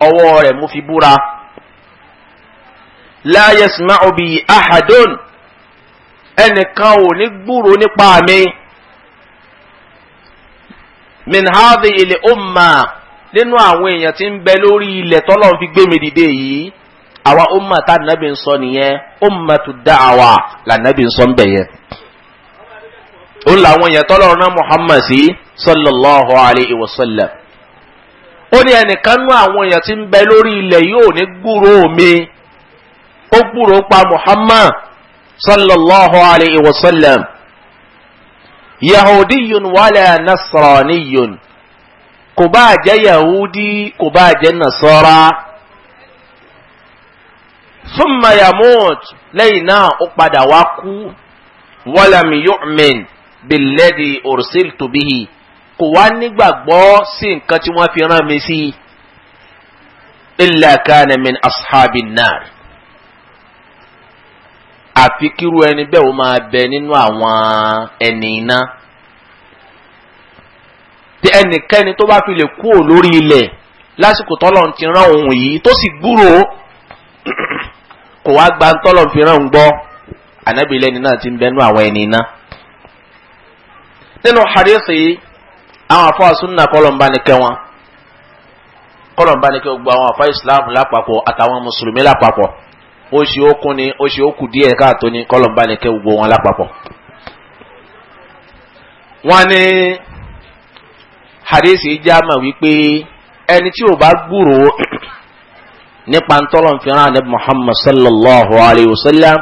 ọwọ́ rẹ̀ mo fi búra la yasma'u bi ahadun ẹnìkan ò ní gbúrò nípa mi min hadhihi al umma nínú àwọn èèyàn tí ń bẹ lórí ilẹ̀ tọ́lọ́run fi gbé mi dìde àwa umma tá nàbì ń sọ nìyẹn ummatu da'awa là nàbì ń sọ ń bẹ̀ yẹn. ó làwọn yẹn tọ́lọ̀ ọ̀nà muhammad sí sallallahu alayhi wa sallam. ó ní ẹnìkan nú àwọn èèyàn tí ń bẹ lórí ilẹ̀ yóò ní gbúrò mi ó gbúrò pa muhammad sallallahu alayhi wa sallam. yahudiyun wala nasraniyun kò bá jẹ́ yahudi kò bá jẹ́ nasara thumma yamut lẹ́yìn náà ó padà wá kú walam yu'min billadhi ursiltu bihi kò wá nígbàgbọ́ sí nǹkan tí wọ́n fi rán mi sí illa kana min ashabin nar àfi kíru ẹni bẹ́ẹ̀ ó máa bẹ nínú àwọn ẹni iná tí ẹnikẹ́ni tó bá fi lè kúrò lórí ilẹ̀ lásìkò tọ́lọ́run ti rán òun yìí tó sì gbúròó kò wá gba ntọ́lọ̀ fìràn ń gbọ́ ànábì lẹ́ni náà ti ń bẹnu àwọn ẹni iná. nínú hadisi yìí àwọn afọ àsúnà kọlọ̀ǹbánikẹ́ wọn kọlọ̀ǹbánikẹ́ gbogbo àwọn afọ islam lápapọ̀ àtàwọn mùsùlùmí lápapọ̀ ó ṣe ó kún ni ó ṣe ó kù díẹ̀ káàtó ni kọlọ̀ǹbánikẹ́ gbogbo wọn lápapọ̀. wọ́n ní hadisi yìí wípé ẹni tí ò bá gbúròó nípa ntọ́lọ̀ nfìràn ànábì muhammad sallallahu alayhi wa sallam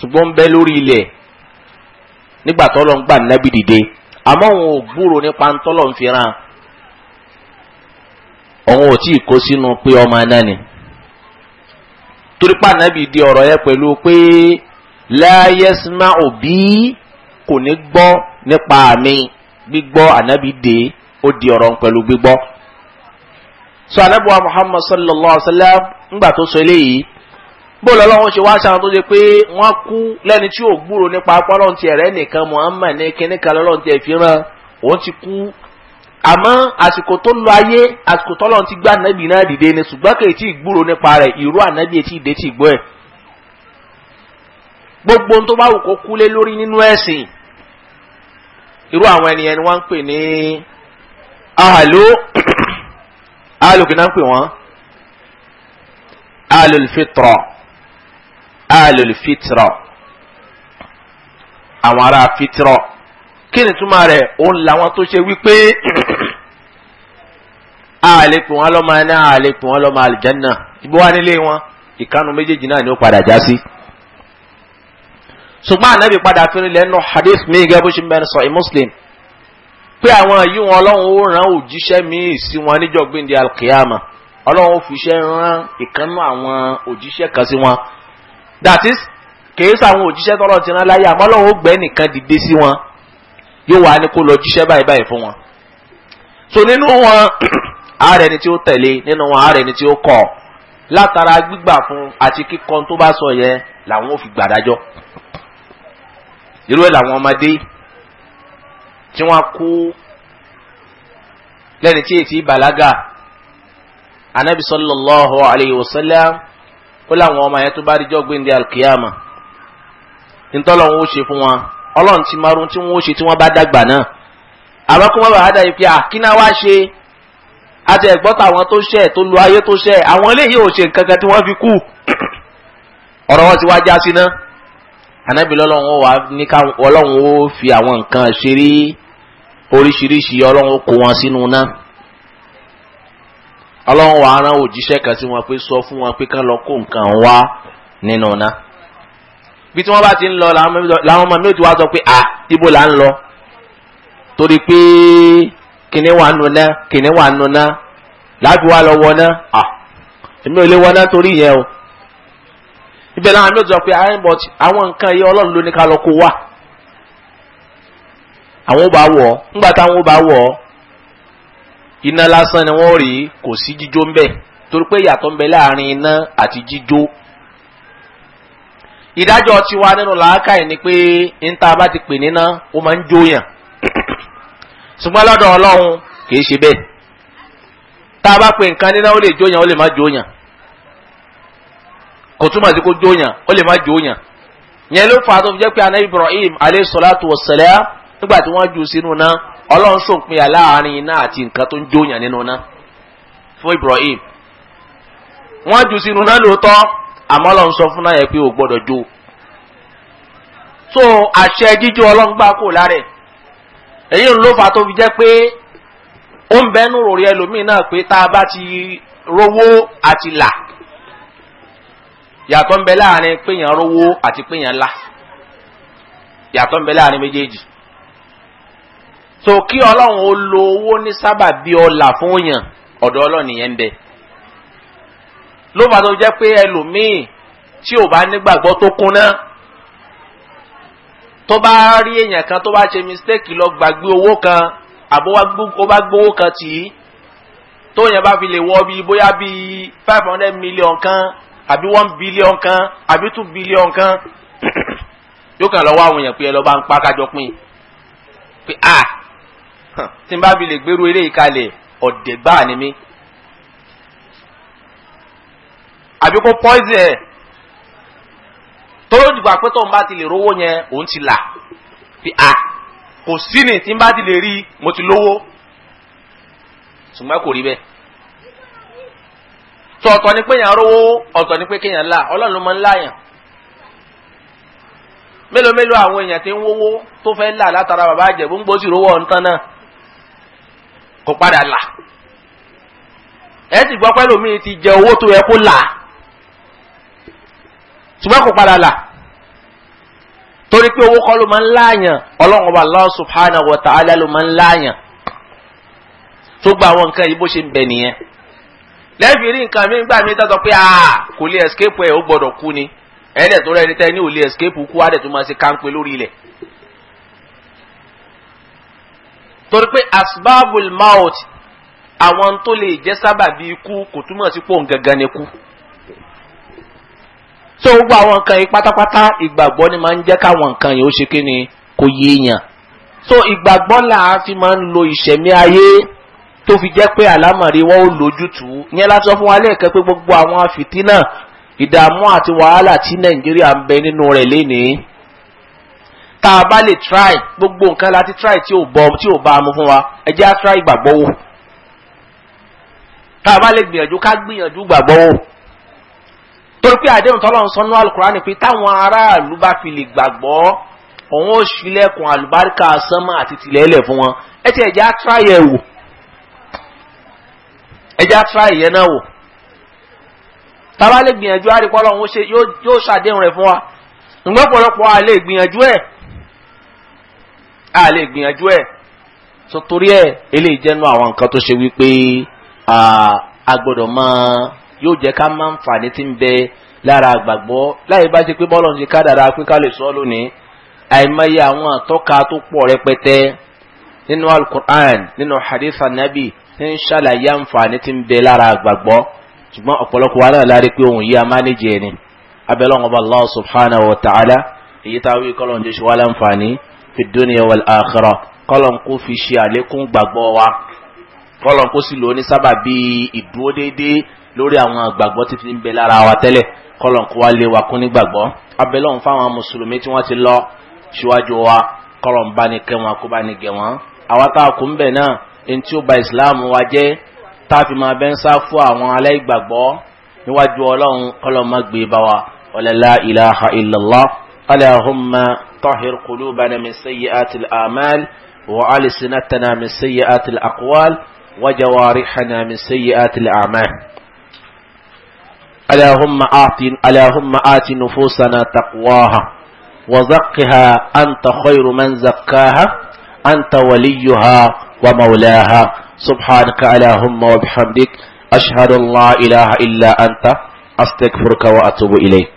ṣùgbọ́n ń bẹ lórí ilẹ̀ nígbà tọ́lọ̀ ń gbà nábì dìde àmọ́ òun ò gbúrò nípa ntọ́lọ̀ nfìràn òun ò tí ì kó sínú pé ọmọ náà ni torípa nábì di ọ̀rọ̀ yẹn pẹ̀lú pé láyẹ́símá òbí kò ní gbọ́ nípa mi gbígbọ́ ànábì dé ó di ọ̀rọ̀ pẹ̀lú gbígbọ́. so anabuwa muhammad sallallahu alaihi wa sallam ńgbà tó sọ eléyìí bóòlù ọlọ́run ṣe wáá ṣàwọn tó ṣe pé wọ́n kú lẹ́ni tí ò gbúrò nípa apọ́lọ́n tiẹ̀ rẹ nìkan muhammad ní kíní kan lọ́lọ́run tiẹ̀ fi ràn òun ti kú àmọ́ àsìkò tó lọ ayé àsìkò tọ́lọ́run ti gbá ànábì náà dìde ni ṣùgbọ́n kì í tí ì gbúrò nípa rẹ̀ ìró ànábì etí ìdè ti gbọ́ ẹ̀ gbogbo tó bá wù kó kúlé lórí nínú ẹ̀sìn irú àwọn ènìyàn ni wọ́n ń pè ní ahàlú alùkì náà ń pè wọ́n alùlfitrọ alùlfitrọ àwọn ará fitrọ kí ni túmọ̀ rẹ̀ òun làwọn tó ṣe wípé àlèkùn wọn lọ́mọ ẹni àlèkùn wọn lọ́mọ àlìjẹ́nà ìbò wa nílé wọn ìkànnù méjèèjì náà ni ó padà já sí. ṣùgbọ́n ànábì padà fún ilẹ̀ nù hadith mi gẹ́gẹ́ bó ṣe ń sọ ì muslim pé àwọn yìí wọn ọlọ́run ó rán òjíṣẹ́ míì sí wọn níjọ́ gbéǹde alkiyama ọlọ́run ó fiṣẹ́ rán ìkànnú àwọn òjíṣẹ́ kan sí wọn that is kìí sàwọn òjíṣẹ́ tọ́lọ́ ti rán láyé àmọ́ ọlọ́run ó gbé nìkan dìde sí wọn yóò wá ní kó lọ jíṣẹ́ báyìí báyìí fún wọn. so nínú wọn [CLEARS THROAT] ààrẹ ni tí ó tẹ̀lé nínú wọn ààrẹ ni tí ó kọ̀ látara gbígbà fún àti kíkọ́ tó bá sọ yẹn làwọn ò fi gbàdájọ́ irú ẹ̀ làwọn ọmọdé tí wọ́n kú lẹ́ni tí èsì balaga anabi sallallahu alayhi wa sallam ó láwọn ọmọ yẹn tó bá rí jọ́gbìn di alkiyama ntọ́lọ̀ fún wọn ọlọ́run ti tí wọ́n ó ṣe tí wọ́n bá dàgbà náà àwọn àkínná wá ṣe tó ṣẹ̀ tó lu ayé tó ṣẹ̀ àwọn eléyìí ò ṣe tí wọ́n fi kú [COUGHS] ọ̀rọ̀ wọn ti wá já sí náà oríṣiríṣi ọlọ́run kó wọn sínú náà ọlọ́run wàá rán òjíṣẹ́ kan sí wọn pé sọ fún wọn pé ká lọ kó nǹkan wá nínú ná. bí tí wọ́n bá ti ń lọ làwọn ọmọ mi ò ti wá sọ pé à ibo là ń lọ torí pé kìnìún wà nù ná kìnìún wà nù ná láti wá lọ wọ ná. à èmi ò lè wọ ná torí yẹn o ibẹ̀ làwọn mi ò ti sọ pé àwọn nǹkan yìí ọlọ́run ló ní ká lọ kó wà. àwọn ò bá wọ̀ ọ́ ńgbà táwọn ò bá wọ̀ iná lásán ni wọ́n rí kò sí jíjó ń bẹ̀ torí pé ìyàtọ̀ ń bẹ láàrin iná àti jíjó. ìdájọ́ tiwa nínú làákàyè ni pé níta bá ti pè níná ó máa ń jóyàn ṣùgbọ́n lọ́dọ̀ ọlọ́run kì ṣe bẹ́ẹ̀ tá a bá pè nǹkan níná ó lè jóyàn ó lè má jóyàn kò túmọ̀ sí kó jóyàn ó lè má jóyàn yẹn ló fà á tó fi jẹ́ pé anabi Ibrahim alayhi salatu wa salam. nígbà tí wọ́n ju sínú náà ọlọ́run sòpin aláàárín iná àti nǹkan tó ń jóyàn nínú náà fún Ibrahim wọ́n ju sínú náà lóòótọ́ àmọ́ ọlọ́run sọ fún náà yẹ pé ò gbọ́dọ̀ jó so àṣẹ jíjó ọlọ́run gbà kó lárẹ̀ èyí ló fà tó fi jẹ́ pé ó ń bẹ́nu rò rí ẹlòmíì náà pé tá a bá ti rówó àti là yàtọ̀ ń bẹ láàrin péyàn rówó àti péyàn là yàtọ̀ ń bẹ láàrin méjèèjì. so kí ọlọ́run ó lo owó ní sábà bí ọlà fún òyàn ọ̀dọ̀ ọlọ́run yẹn ń bẹ ló bá tó jẹ́ pé ẹlòmíì tí ò bá nígbàgbọ́ tó kúnná tó bá rí èèyàn kan tó bá ṣe mistake lọ gbàgbé owó kan àbó bá gbówó kan tì í tó yẹn bá fi lè wọ bíi bóyá bíi five hundred million kan àbí one billion kan àbí two billion kan yóò kàn lọ́wọ́ àwọn èèyàn pé ẹ lọ́ọ́ bá ń pa kájọ pín pé ah tí n bá fi lè gbèrú eré ìkalẹ̀ ọ̀dẹ̀ gbáà ni mí. àbí kó poison ẹ̀ tóró dìgbà pé tóun bá ti lè rówó yẹn òun ti là fi à kò sí ni tí n bá ti lè rí mo ti lówó ṣùgbọ́n kò rí bẹ́ẹ̀ tó ọ̀tọ̀ ni pé yàn rówó ọ̀tọ̀ ni pé kéèyàn là ọlọ́run ló máa ń láyàn mélòó mélòó àwọn èèyàn tí ń wówó tó fẹ́ là látara bàbá àjẹ̀bú ń gbósì rówó ọ̀ǹtán náà kò padà là ẹ sì gbọ́ pẹ́lú mi ti jẹ owó tó yẹ kó là ṣùgbọ́n kò padà là torí pé owó kọ́ ló máa ń láàyàn ọlọ́run ọba Allah subhanahu wa ta'ala ló máa ń láàyàn tó gba àwọn nǹkan yìí bó ṣe ń bẹ nìyẹn lẹ́ẹ̀fì rí nǹkan mi gbà mí tọ́tọ́ pé kò lè escape ẹ̀ ó gbọ́dọ̀ kú ni ẹ̀ẹ́dẹ̀ tó rẹ̀ ní tẹ́ ní ò lè escape kú á dẹ̀ tó máa ṣe káńpé lórí ilẹ̀ torí pé asbabul maut àwọn tó lè jẹ́ sábàbí ikú kò túmọ̀ sí pò ń gangan ni kú. tó gbogbo àwọn nǹkan yìí pátápátá ìgbàgbọ́ ni máa ń jẹ́ káwọn nǹkan yìí ó ṣe kí ni kò yéèyàn. tó ìgbàgbọ́ là á fi máa ń lo ìṣẹ̀mí ayé tó fi jẹ́ pé àlámọ̀rí wọn ò lójútùú yẹn láti fún wa lẹ́ẹ̀kan pé gbogbo àwọn àfìtínà ìdààmú àti wàhálà tí nàìjíríà ń bẹ nínú rẹ̀ lénìí tá a bá lè try gbogbo nǹkan láti try tí ò bọ tí ò bá a mu fún wa ẹ jẹ́ á try gbàgbọ́ wò tá a bá lè gbìyànjú ká gbìyànjú gbàgbọ́ wò torí pé àdéhùn tọ́lọ́run sọ nínú alukurani pé táwọn aráàlú bá fi lè gbàgbọ́ òun ó ṣílẹ̀kùn àlùbáríkà sánmọ́ àti tìlẹ́lẹ̀ fún wọn ẹ ti ẹ̀já tíráyì ẹ̀ wò ẹ̀já tíráyì yẹn náà wò tábà lè gbìyànjú àríkọ́ lọ́run yóò ṣàdéhùn rẹ̀ fún wa ǹgbọ́n àlè gbìyànjú ẹ̀ a lè gbìyànjú ẹ tó ẹ ẹ̀ eléyìí jẹ́ nú àwọn nǹkan tó ṣe wípé a gbọ́dọ̀ máa yóò jẹ́ ká máa ń fàní tí ń bẹ lára àgbàgbọ́ láyé bá ṣe pé bọ́ọ̀lù ti ká dára pé ká lè sọ lónìí àìmọye àwọn àtọ́ka tó pọ̀ rẹpẹtẹ nínú alukur'an nínú hadith anabi ń ṣàlàyé àǹfààní ti ń bẹ lára àgbàgbọ́ ṣùgbọ́n ọ̀pọ̀lọpọ̀ wa náà láre pé òun a máa ni abẹ́lẹ́ subhanahu wa ta'ala èyí lọ́njẹ́ ṣe fi dunya wal akhirah kọ́lọ̀n kó fi ṣe àlékún gbàgbọ́ wa kọ́lọ̀n kó sì lò ní sábà bíi ìdúró déédéé lórí àwọn àgbàgbọ́ tí ti ń bẹ lára wa tẹ́lẹ̀ kọ́lọ̀n kó wá lé wa kún nígbàgbọ́ abẹ́lọ́hún fáwọn mùsùlùmí tí wọ́n ti lọ síwájú wa kọ́lọ̀n bá ní kẹ́ wọn kó bá ní gẹ̀ wọ́n àwa tá a kú bẹ̀ náà ẹni tí ó ba ìsìláàmù wa jẹ́ tá a fi máa bẹ́ ń sá fún àwọn aláìgbàgbọ́ níwájú ọlọ́run kọ́lọ̀n má gbé e bá wa ọ̀lẹ́lá طهر قلوبنا من سيئات الآمال وألسنتنا من سيئات الأقوال وجوارحنا من سيئات الأعمال اللهم آت اللهم آت نفوسنا تقواها وزقها أنت خير من زكاها أنت وليها ومولاها سبحانك اللهم وبحمدك أشهد الله إله إلا أنت أستغفرك وأتوب إليك